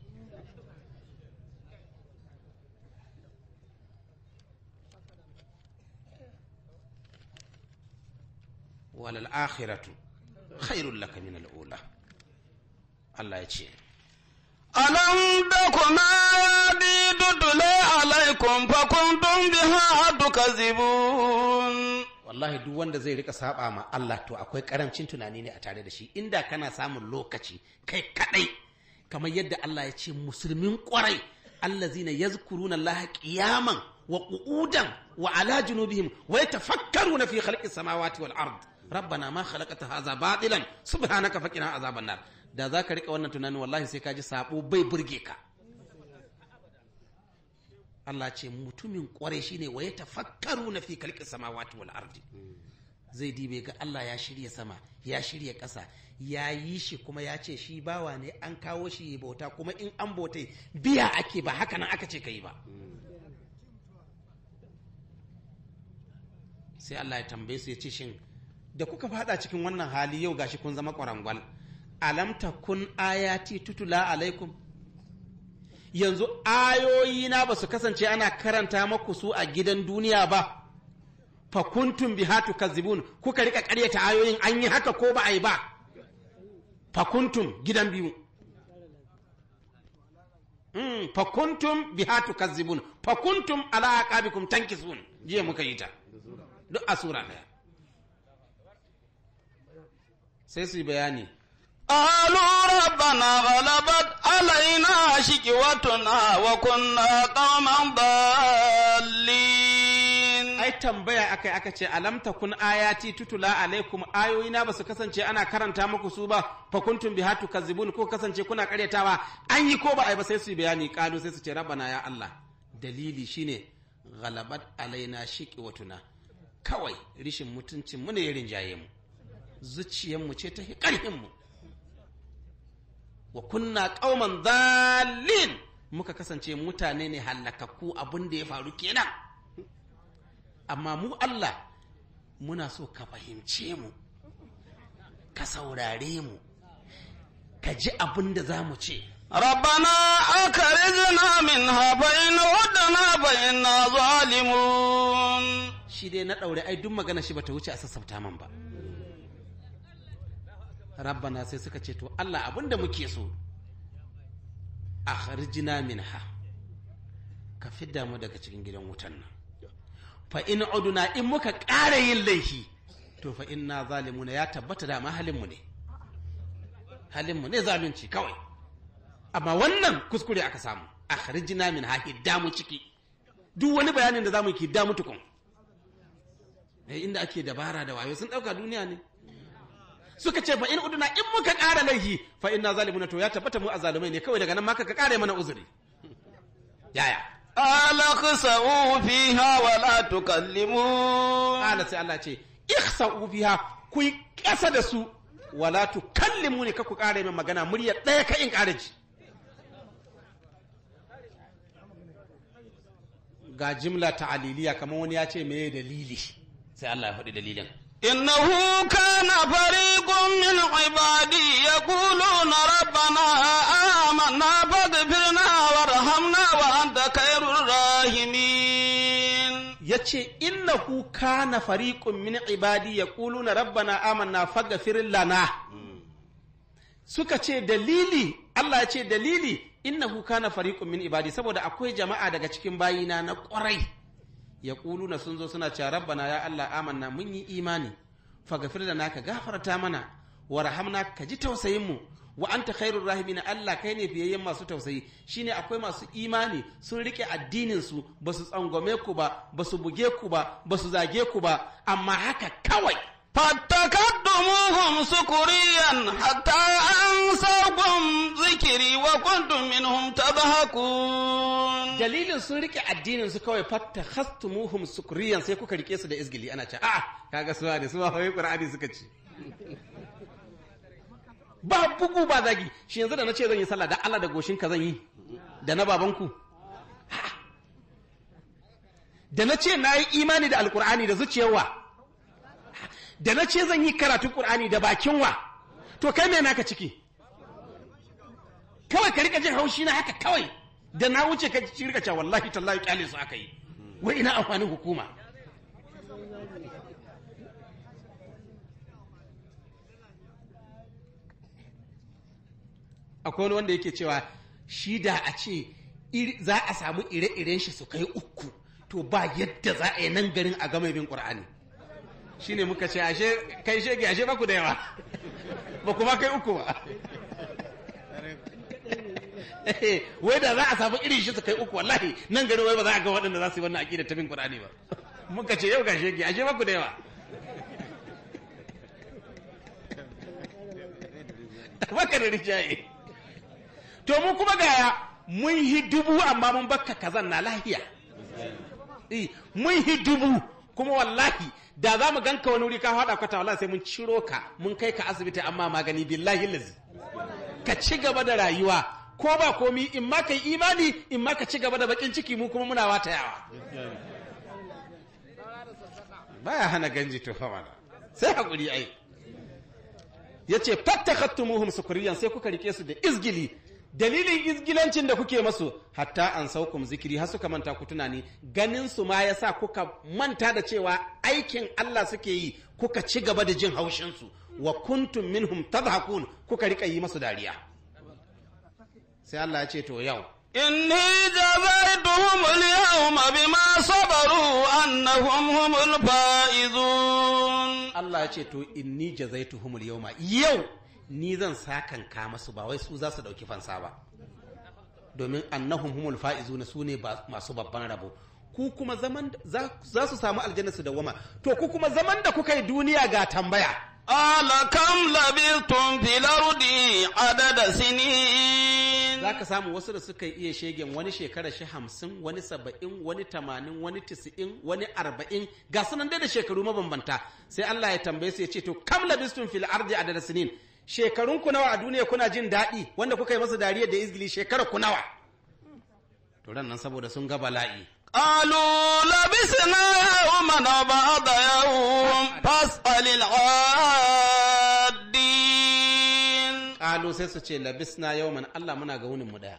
walal akhiratu khairul laka min al Allah ya ce alam dakuma bi dudula alaikum fa kuntum biha tukazibun wallahi duk wanda zai rika saba ma Allah to akwai karancin tunani ne a tare da shi inda kana samun lokaci kai kadai kamar yadda Allah ya ce musulmin kwarai allazina yazkuruna Allah qiyaman wa qu'udan wa ala junubihim wa yatafakkaruna fi khalqis samawati wal ard rabbana ma khalaqta hadha batilan subhanaka faqina azaban nar da za ka riƙa wannan tunanin wallahi sai ka ji sabo bai burge ka Allah ce mutumin shi shine waye tafakkaru na fi kalki samawati wal ardi zai dibe ga Allah ya shirya sama ya shirya ƙasa ya yi shi kuma ya ce shi bawa ne an kawo shi ya bauta kuma in an bautai biya ake ba haka nan aka ce ka yi ba sai Allah ya tambaye su ya ce shin da kuka fada cikin wannan hali yau gashi kun zama kwarangwal alam takun ayati tutula alaikum yanzu ayoyina ba su kasance ana karanta maku su a gidan duniya ba fakuntum biha kazibun kuka rika karyata ayoyin an yi haka ko ba a yi ba fakuntum gidan biyu mm, fakuntum biha tukazzibun fakuntum ala aqabikum tankisun jiya muka yi ta duk a sura daya sai su yi bayani قالوا ربنا غلبت علينا شكوتنا وكنا قوما ضالين ai tambaya akai aka ce alamta kun ayati tutula alaikum ayoyina basu kasance ana karanta muku su ba Fakuntun kuntum biha ko kasance kuna karyatawa an yi ko ba ai ba sai su bayani kalu sai su ce rabbana ya Allah dalili shine ghalabat alaina shiqwatuna kawai rishin mutuncin mu ne ya rinjaye mu zuciyar mu ce ta karhin mu wa kunna kauman zalin muka kasance mutane ne halakakku abin da ya faru kenan amma mu Allah muna so ka fahimce mu ka saurare mu ka ji abin da za mu ce rabbana akhrijna min فإن عدنا bayna zalimun shi dai na ɗaure ai duk magana shi bata wuce a sassauta man ba rabbana sai suka ce to Allah abinda muke so a akhrijna minha ka fidda mu daga cikin gidan wutan nan fa in uduna in muka ƙara yin laifi to fa inna zalimuna ya tabbata da halinmu ne halinmu ne zalunci kawai amma wannan kuskure aka samu a harjina min ke damu ciki duk wani bayanin da zamu ki damu tukun eh, inda ake dabara da wayo sun dauka duniya ne suka ce fa in uduna in muka ƙara laifi fa inna zalimuna to ya tabbata mu azalumai ne kawai daga nan ma ka ƙare mana uzuri yaya ala khsa'u fiha wa la tukallimu ala sai Allah ce ikhsa'u fiha ku yi ƙasa da su wa la tukallimu ne ka ku ƙare min magana murya ɗaya ka in ƙare ji ga jimla ta'aliliya kamar wani ya ce me dalili sai Allah ya faɗi dalilin إنه كان فريق من عبادي يقولون ربنا آمنا فاغفرنا وارحمنا وأنت خير الراحمين yace kana fariqun min ibadi yaquluna rabbana amanna faghfir lana suka ce dalili Allah ya ce dalili innahu kana fariqun min ibadi saboda akwai jama'a daga cikin bayina na ƙwarai yaquluna sun zo suna cewa rabbana ya Allah amanna mun yi imani faghfir lana ka gafarta mana warhamna ka ji tausayin mu wa anta khairur rahimin Allah kai ne fiyayyen masu tausayi shine akwai masu imani sun rike addinin su basu tsangwame ku ba basu buge ku ba basu zage ku ba amma haka kawai fattakadumuhum sukuriyan hatta an zikiri wa kuntum minhum tabahakun dalilin sun rike addinin su kawai fatta khastumuhum sukriyan sai kuka rike su da izgili ana ce a ah, kaga su ne su ba wai qur'ani suka ci ba bugu ba zagi shi yanzu da na ce zan yi sallah da Allah da goshin ka zan yi da na babanku da na ce na yi imani da alkur'ani da zuciyarwa da na ce zan yi karatun kur'ani da bakinwa to kai me naka ciki kawai ka rika jin haushi na haka kawai da na wuce ka ci rika wallahi tallahi kyale su aka yi wa ina amfanin hukuma akwai wanda yake cewa shi da a ce za a samu ire-iren shi su kai uku to ba yadda za a yi nan garin a gama bin ƙur'ani ne muka ce ashe kai shege ashe baku da yawa ba kuma kai uku ba wai da za a samu irin shi su kai uku wallahi nan gari wai ba za a ga waɗanda za su yi wannan aƙida ta bin kur'ani ba muka ce yau gashe ki ashe baku da yawa baka da rijaye to mu kuma gaya mun yi dubu amma mun baka kazan na lahiya eh, mun yi dubu kuma wallahi da za mu ganka wani wuri ka haɗa kwata wallahi sai mun ciro ka mun kai ka asibiti amma magani billahi lazi ka ci gaba da rayuwa ko ba komi in ma ka yi imani in ma ka ci gaba da bakin ciki mu kuma muna Ba baya hana ganji to fa mana sai hakuri ai yace fattakhattumuhum sukriyan sai kuka rike su da izgili dalilin izgilancin da kuke masu hatta an saukum zikiri har suka manta ku tunani ganin su ma yasa kuka manta da cewa aikin Allah suke yi kuka ci gaba da jin haushinsu, su wa kuntum minhum tadhakun kuka rika yi masu dariya sai Allah ya ce to yau inni jazaituhum al-yawma bima sabaru annahum humul faizun Allah ya ce to inni jazaituhum al-yawma yau ni zan sakan ka masu ba wai su za su dauki fansa ba domin annahum humul faizun su ne masu babban rabo ku kuma zaman za su samu aljanna su dawama to ku kuma zaman da kuka yi duniya ga tambaya قال كم لبثتم في الأرض عدد Za ka samu wasu da suka iya shegen wani shekara shi hamsin wani saba'in wani tamanin wani tisi'in, wani arba'in ga sunan da shekaru mabambanta sai Allah ya tambaye su ya ce to kam labistun fil ardi adada sinin shekarun ku nawa a duniya kuna jin daɗi wanda kuka yi masa dariya da izgili shekara ku nawa to nan saboda sun ga bala'i قالوا لبسنا يوما بعض يوم فاسأل العادين قالوا سيسو لبسنا يوما الله منا غون مدايا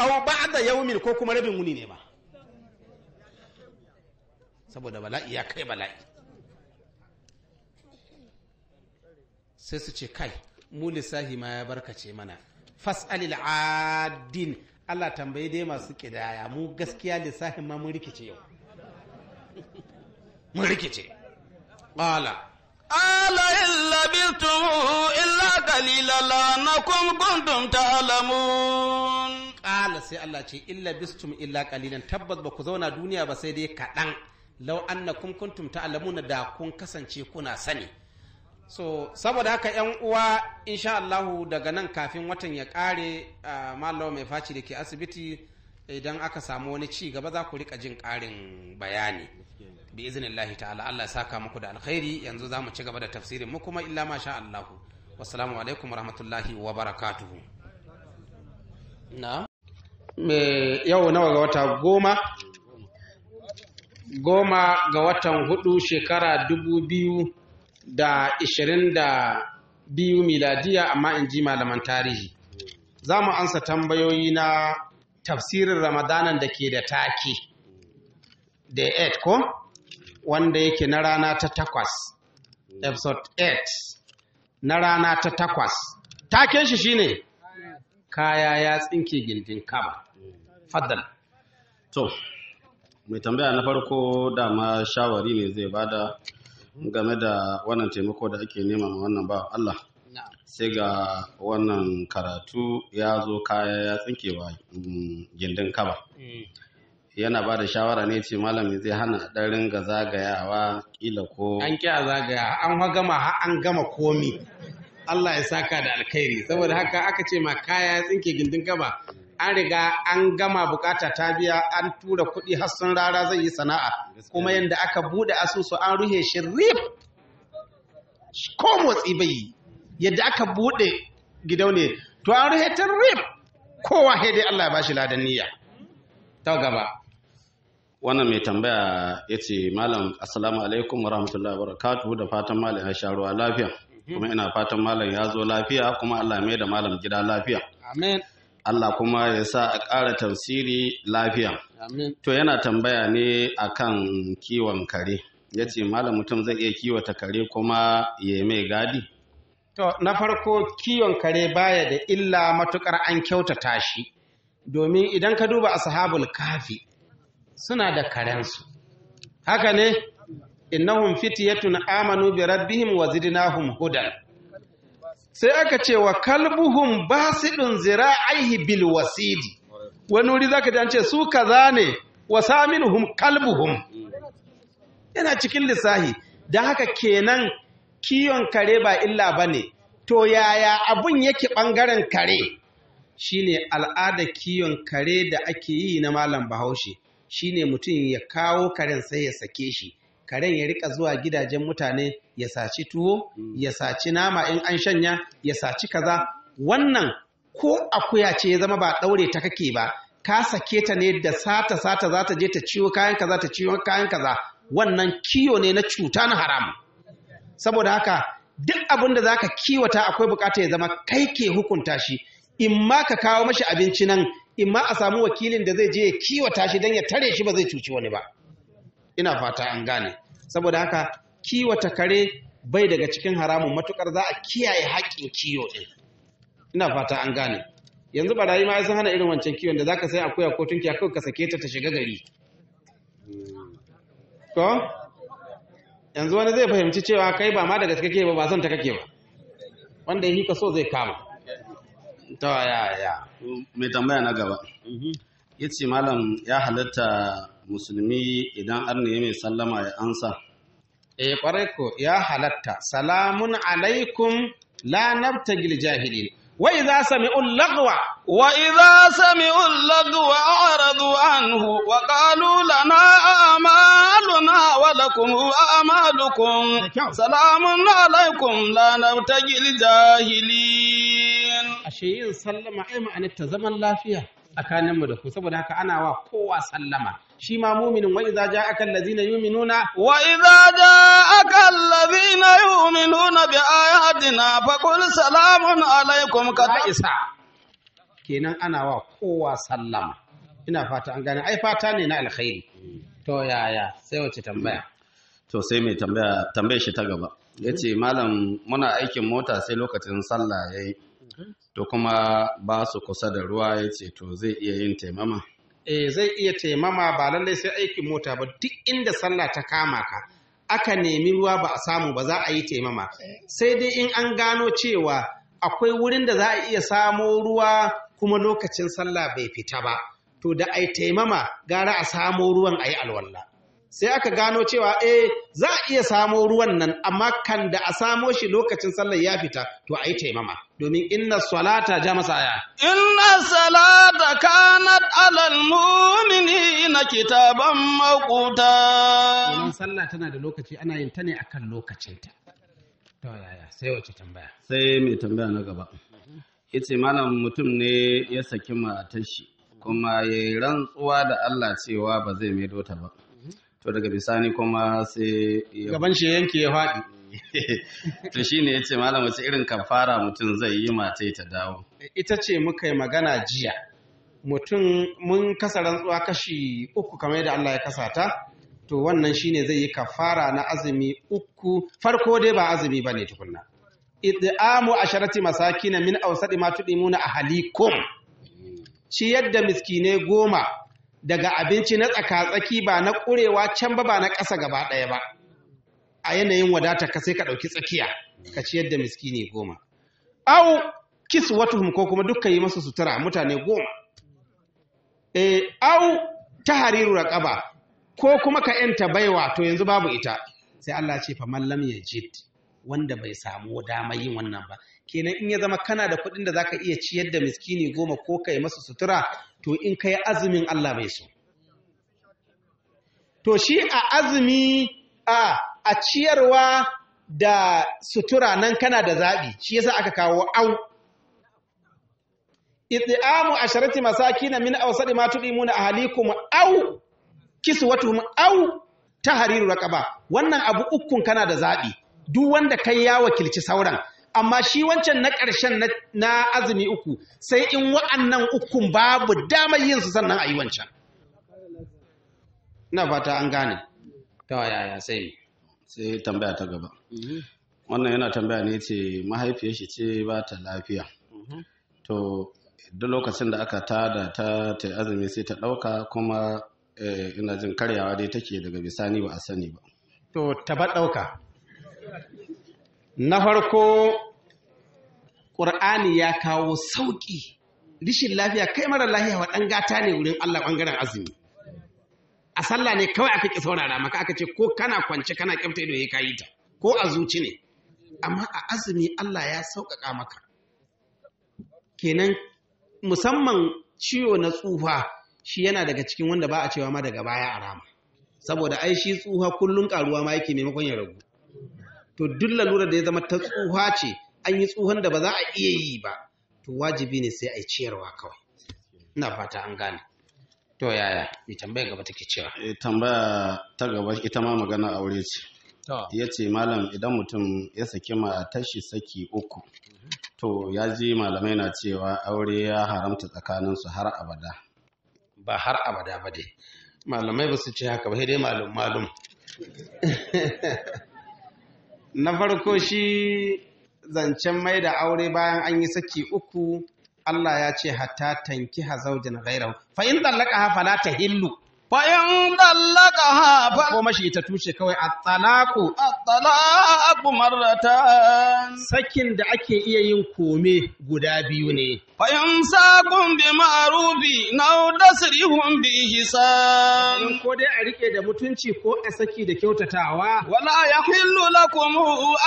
أو بعد يوم ko kuma rabin wuni ne ba saboda bala'i ya kai bala'i sai su ce kai mu lissahi ma ya barkace mana fas'alil adin Allah tambayi dai masu kidaya mu gaskiya lissafin ma mun rikice yau mun rikice qala ala illa bitu illa qalila lanakum kuntum ta'lamun qala sai Allah ce illa bistum illa qalilan tabbas ba ku zauna duniya ba sai dai kaɗan lau annakum kuntum ta'lamuna da kun kasance kuna sani so saboda haka yan uwa insha Allahu daga nan kafin watan ya kare a malawa mai faci da ke asibiti idan aka samu wani ci gaba za ku rika jin karin bayani bi iznillahi ta'ala Allah ya saka muku da alkhairi yanzu za mu ci gaba da tafsirin mu kuma illa masha Allahu wassalamu alaikum warahmatullahi wabarakatuhu na me yau nawa ga wata goma goma ga watan hudu shekara dubu biyu da 22 miladiya amma in ji malaman tarihi za mu ansa tambayoyi na tafsirin ramadanan da ke da take da 8 ko wanda yake na rana ta takwas episode 8 na rana ta takwas taken shi shine kaya ya tsinke gindin kama faddal to mai tambaya na farko dama shawari ne zai bada game da wannan taimako da ake nema ma wannan ba Allah sai ga wannan karatu ya zo kaya ya tsinkewa mm, gindin kaba mm. yana ba da shawara ne ce malami zai hana ɗarin ga zagayawa kila ko an kya zagaya an gama an gama komi Allah ya saka da alkhairi saboda haka aka ce ma kaya ya tsinke gindin kaba an riga an gama bukata ta biya an tura kuɗi har rara zai yi sana'a kuma yadda aka buɗe asusu an ruhe shi rip ko motsi bai yi yadda aka buɗe gidaune to an ruhe ta rip kowa dai Allah ya bashi ladan niyya ta gaba wannan mai tambaya ya ce malam assalamu alaikum wa rahmatullahi wa barakatuhu da fatan malam ya sha ruwa lafiya mhm. kuma ina fatan malam ya zo lafiya kuma Allah mai da malam gida lafiya Allah kuma ya sa a ƙara tafsiri lafiya. To yana tambaya ne a kan kiwon kare. Ya ce malam mutum zai iya kiwata kare kuma ya mai gadi? To na farko kiwon kare baya da illa matuƙar an kyautata shi. Domin idan ka duba ashabul kafi suna da karensu. Haka ne, innahum fitiyatun amanu bi rabbihim wa zidnahum hudan. sai aka ce wa kalbuhum ɗin zira bil wasidi wani wuri zaka ji an ce su za ne wa saminuhum kalbuhum yana cikin lissahi don haka kenan kiyon kare ba illa ba ne. to yaya abun yake ɓangaren kare shine al'ada kiyon kare da ake yi na malam bahaushe shine mutum ya kawo karen sai ya sake shi karen ya rika zuwa gidajen mutane ya saci tuwo mm. ya saci nama in an shanya ya saci kaza wannan ko akuya ce ya zama ba ɗaure ta kake ba ka sake ta ne da sata sata za ta je ta ciwo kayan kaza ta ciwo kayan kaza wannan kiyo ne na cuta na haram saboda haka duk abin da zaka kiwata akwai bukata ya zama kai ke hukunta shi in ma ka kawo mashi abinci nan in ma a samu wakilin da zai je ya kiwata shi don ya tare shi ba zai cuci wani ba ina fata an gane saboda haka kiwata kare bai daga cikin haramun matukar za a kiyaye haƙƙin kiwo ɗin ina fata an gane yanzu barayi ma sun hana irin wancan kiwon da zaka sai akuya ko tunkiya kawai ka sake ta ta shiga gari ko yanzu wani zai fahimci cewa kai ba ma daga gaske kake ba ba son ta kake ba wanda yi ka so zai kama ta ya ya mai tambaya na gaba mm-hmm. yace malam ya halatta musulmi idan arne mai sallama ya ansa eh kwarai ko ya halatta salamun alaikum la nabtagil jahilin wa idza sami'u lagwa wa idza sami'u a aradu anhu wa qalu lana amaluna wa lakum amalukum salamun alaikum la nabtagil jahilin ashe yin sallama ai ma'anar ta zaman lafiya tsakaninmu da ku saboda haka ana wa kowa sallama shi ma muminin wa ja akal ladina yu'minuna wa ja akal ladina yu'minuna bi ayatina qul salamun alaikum ka isa kenan ana wa kowa sallama ina fata an gane ai fata ne na alkhairi to yaya sai wace tambaya to sai mai tambaya tambayar shi ta gaba yace malam muna aikin mota sai lokacin sallah yayi to kuma ba su kusa da ruwa ya ce to zai iya yin taimama eh zai iya taimama ba lallai sai aikin mota ba duk inda sallah ta kama ka aka nemi ruwa ba a samu ba za a yi taimama sai dai in an gano cewa akwai wurin da za a iya samo ruwa kuma lokacin sallah bai fita ba to da a yi taimama gara a samo ruwan a yi alwallah sai aka gano cewa eh za a iya samo ruwan nan amma kan da a samo shi lokacin sallah ya fita to a yi taimama domin inna salata ja masa aya inna salata kanat alal mu'minina kitaban maquta domin sallah tana da lokaci ana yin ta ne akan lokacinta to yaya sai wace tambaya sai mai tambaya na gaba yace malam mutum ne ya saki matar shi kuma ya yi rantsuwa da Allah cewa ba zai maido ta ba to daga bisani kuma sai gaban shi yanke ya faɗi yi to ya ce malam irin kafara mutum zai yi mata ta dawo ita ce muka yi magana jiya mutum mun kasa rantsuwa kashi uku kamar yadda Allah ya kasa ta to wannan shi ne zai yi kafara na azumi uku farko dai ba azumi ba ne tukunna id'amu asharati masakin min awsadi ma tudimuna ahalikum ci yadda miskine goma daga abinci na tsaka-tsaki ba na ƙurewa can ba ba na ƙasa gaba ɗaya ba a yanayin wadata ka sai ka ɗauki tsakiya ka ciyar da miskini goma au wata ko kuma dukkan yi masu sutura mutane goma e au ta da ƙaba, ko kuma ka yanta baiwa to yanzu babu ita sai Allah ce fa mallam ya yajid wanda bai samu dama yin wannan ba kenan in ya zama kana da kuɗin da za ka iya ciyar da miskini goma ko kai masu sutura to in ka yi azumin Allah bai so to shi a azumi a a ciyarwa da sutura nan kana da zaɓi shi yasa aka kawo au it'amu asharati na min awsadi ma tudimuna ahlikum au kiswatuhum au tahriru raqaba wannan abu ukun kana da zaɓi duk wanda kai ya wakilci sauran amma shi wancan na ƙarshen na azumi uku sai in wa'annan ukun babu damar yin su sannan a yi wancan na fata an gane ta yaya sai sai tambaya ta gaba mm-hmm. wannan yana tambaya ne ce mahaifiyar shi ce ba ta lafiya mm-hmm. to duk lokacin da aka tada ta ta azumi sai ta ɗauka kuma eh, ina jin karyawa dai take daga bisani ba a sani ba to ta ba ɗauka na farko ƙur'ani ya kawo sauƙi rishin lafiya kai mara lafiya wa ɗan gata ne wurin allah ɓangaren azumi a sallah ne kawai aka ki saurara maka aka ce ko kana kwance kana kyamta ido ya yi ta ko a zuci ne amma a azumi Allah ya sauƙaƙa maka kenan musamman ciwo na tsufa shi yana daga cikin wanda ba a cewa ma daga baya a rama saboda ai shi tsufa kullum karuwa ma yake maimakon ya ragu to duk lalura da ya zama ta tsufa ce an yi tsuhan da ba za a iya yi ba to wajibi ne sai a ciyarwa kawai ina fata an gane to yaya ya tambaya gaba take cewa eh, tambaya ta gaba ita ma magana aure ce ya ce malam idan mutum ya saki tashi saki uku to ya ji malamai na cewa aure ya haramta tsakaninsu har abada ba har abada ba dai malamai ba su ce haka ba sai dai malum malum na farko shi zancen mai da aure bayan an yi saki uku Allah ya ce hatta tanki zaujin ghairahu fa in dallaka ta tahillu fa in ha fa ko mashi ta tushe kawai at-talaqu at-talaqu marratan sakin da ake iya yin kome guda biyu ne fa in saqum bi ma'rufi naw dasrihum bi ihsan ko dai a rike da mutunci ko a saki da kyautatawa wala yahillu lakum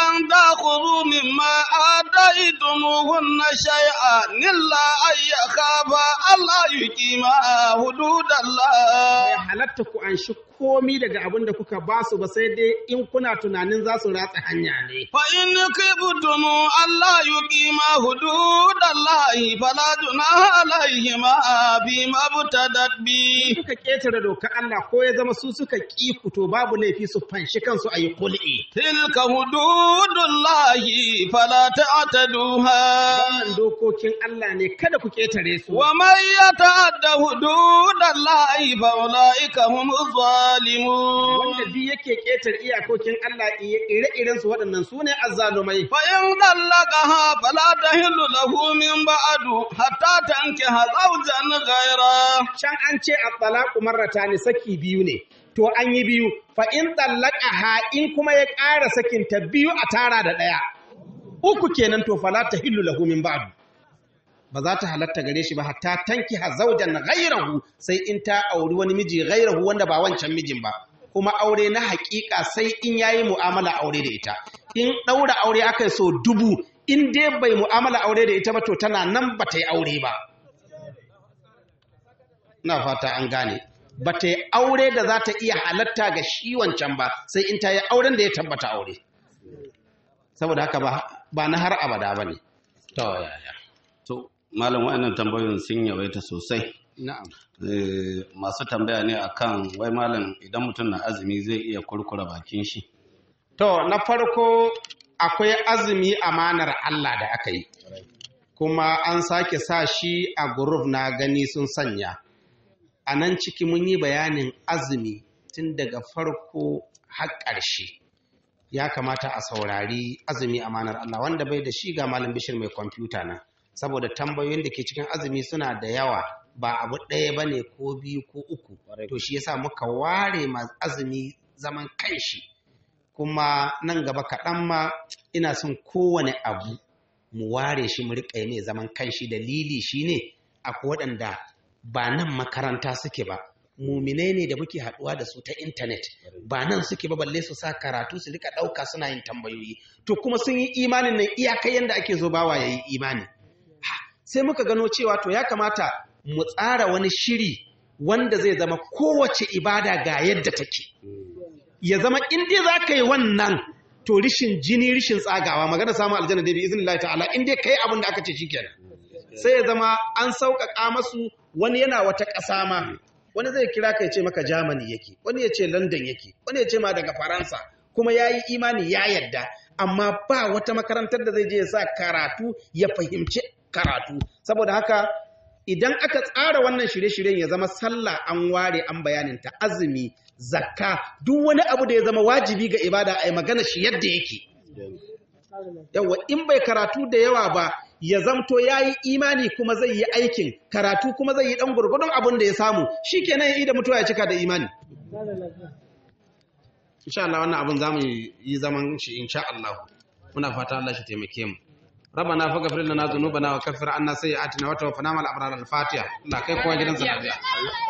an ta'khudhu mimma ataytumuhunna shay'an illa ay yakhafa alla yuqima hududallah ya halatta ku an shi komi daga abin da kuka ba su ba sai dai in kuna tunanin za su ratsa hanya ne. Fa in budumu Allah yuqima hududallahi fala ma alaihima bi mabtadat bi. Suka ketare doka Allah ko ya zama su suka ki to babu laifi su fanshi kansu a yi kul'i. Tilka hududullahi fala duha. Wannan dokokin Allah ne kada ku ketare su. Wa man yata'adda hududallahi fa ulaika hum wanda bi yake ƙetar iyakokin Allah ire-iren su waɗannan su ne azzalumai fa in dallaqaha fala tahillu lahu min ba'adu, hatta tankiha zawjan gaira. shan an ce at-talaqu marratani saki biyu ne to an yi biyu fa in dallaqaha in kuma ya ƙara sakinta biyu a tara da ɗaya uku kenan to fala tahillu lahu min ba'adu. ba za ta halatta gare shi ba hatta tanki zaujan ghairahu sai in ta auri wani miji ghairahu wanda ba wancan mijin ba kuma aure na hakika sai in yayi mu'amala aure da ita in daura aure akai so dubu in dai bai mu'amala aure da ita ba to tana nan ba ta yi aure ba na fata an gane ba ta yi aure da za ta iya halatta ga shi wancan ba sai in ta yi auren da ya tabbata aure saboda haka ba na har abada ba ne to yaya malam wa'annan tambayoyin sun yawaita sosai eh, masu tambaya ne akan wai malam idan mutum na azumi zai iya kurkura bakin shi to na farko akwai azumi amanar Allah da aka yi kuma an sake sa shi a guruf na gani sun sanya a nan ciki mun yi bayanin azumi tun daga farko har ƙarshe ya kamata a saurari azumi amanar Allah wanda bai da shi ga malam bishir mai kwamfuta na saboda tambayoyin da ke cikin azumi suna da yawa ba abu ɗaya ba ne ko biyu ko uku to shi yasa muka ware masu azumi zaman kanshi kuma nan gaba kaɗan ma ina son kowane abu mu ware shi mu riƙa mai zaman kanshi dalili shi ne akwai waɗanda ba nan makaranta suke ba muminai ne da muke haɗuwa da su ta intanet ba nan suke ba balle su sa karatu su rika ɗauka suna yin tambayoyi to kuma sun yi imanin nan iyakai yadda ake zo bawa ya yi imani sai muka gano cewa to ya kamata mu tsara wani shiri wanda zai zama kowace ibada ga yadda take ya zama in za ka yi wannan to rishin jini rishin tsagawa magana samun aljanna da bi Allah ta'ala inda dai kai abin da aka ce kenan sai ya zama an sauƙaƙa masu wani yana wata ƙasa ma wani zai kira ka ya ce maka Germany yake wani ya ce London yake wani ya ce ma daga Faransa kuma ya yi imani ya yadda amma ba wata makarantar da zai je ya sa karatu ya fahimci karatu saboda haka idan aka tsara wannan shirye-shiryen ya zama sallah an ware an bayanin ta azumi zakka duk wani abu da ya zama wajibi ga ibada a yi magana shi yadda yake yawa in bai karatu da yawa ba ya zamto ya yi imani kuma zai yi aikin karatu kuma zai yi ɗan gurgudun abin da ya samu shi kenan ya yi da mutuwa ya cika da imani insha Allah wannan abin za mu yi zaman shi insha Allah muna fata Allah shi taimake mu ربنا فاغفر لنا ذنوبنا وكفر عنا سيئاتنا وتوفنا مع الابرار الفاتحه لا كيف هو جدًا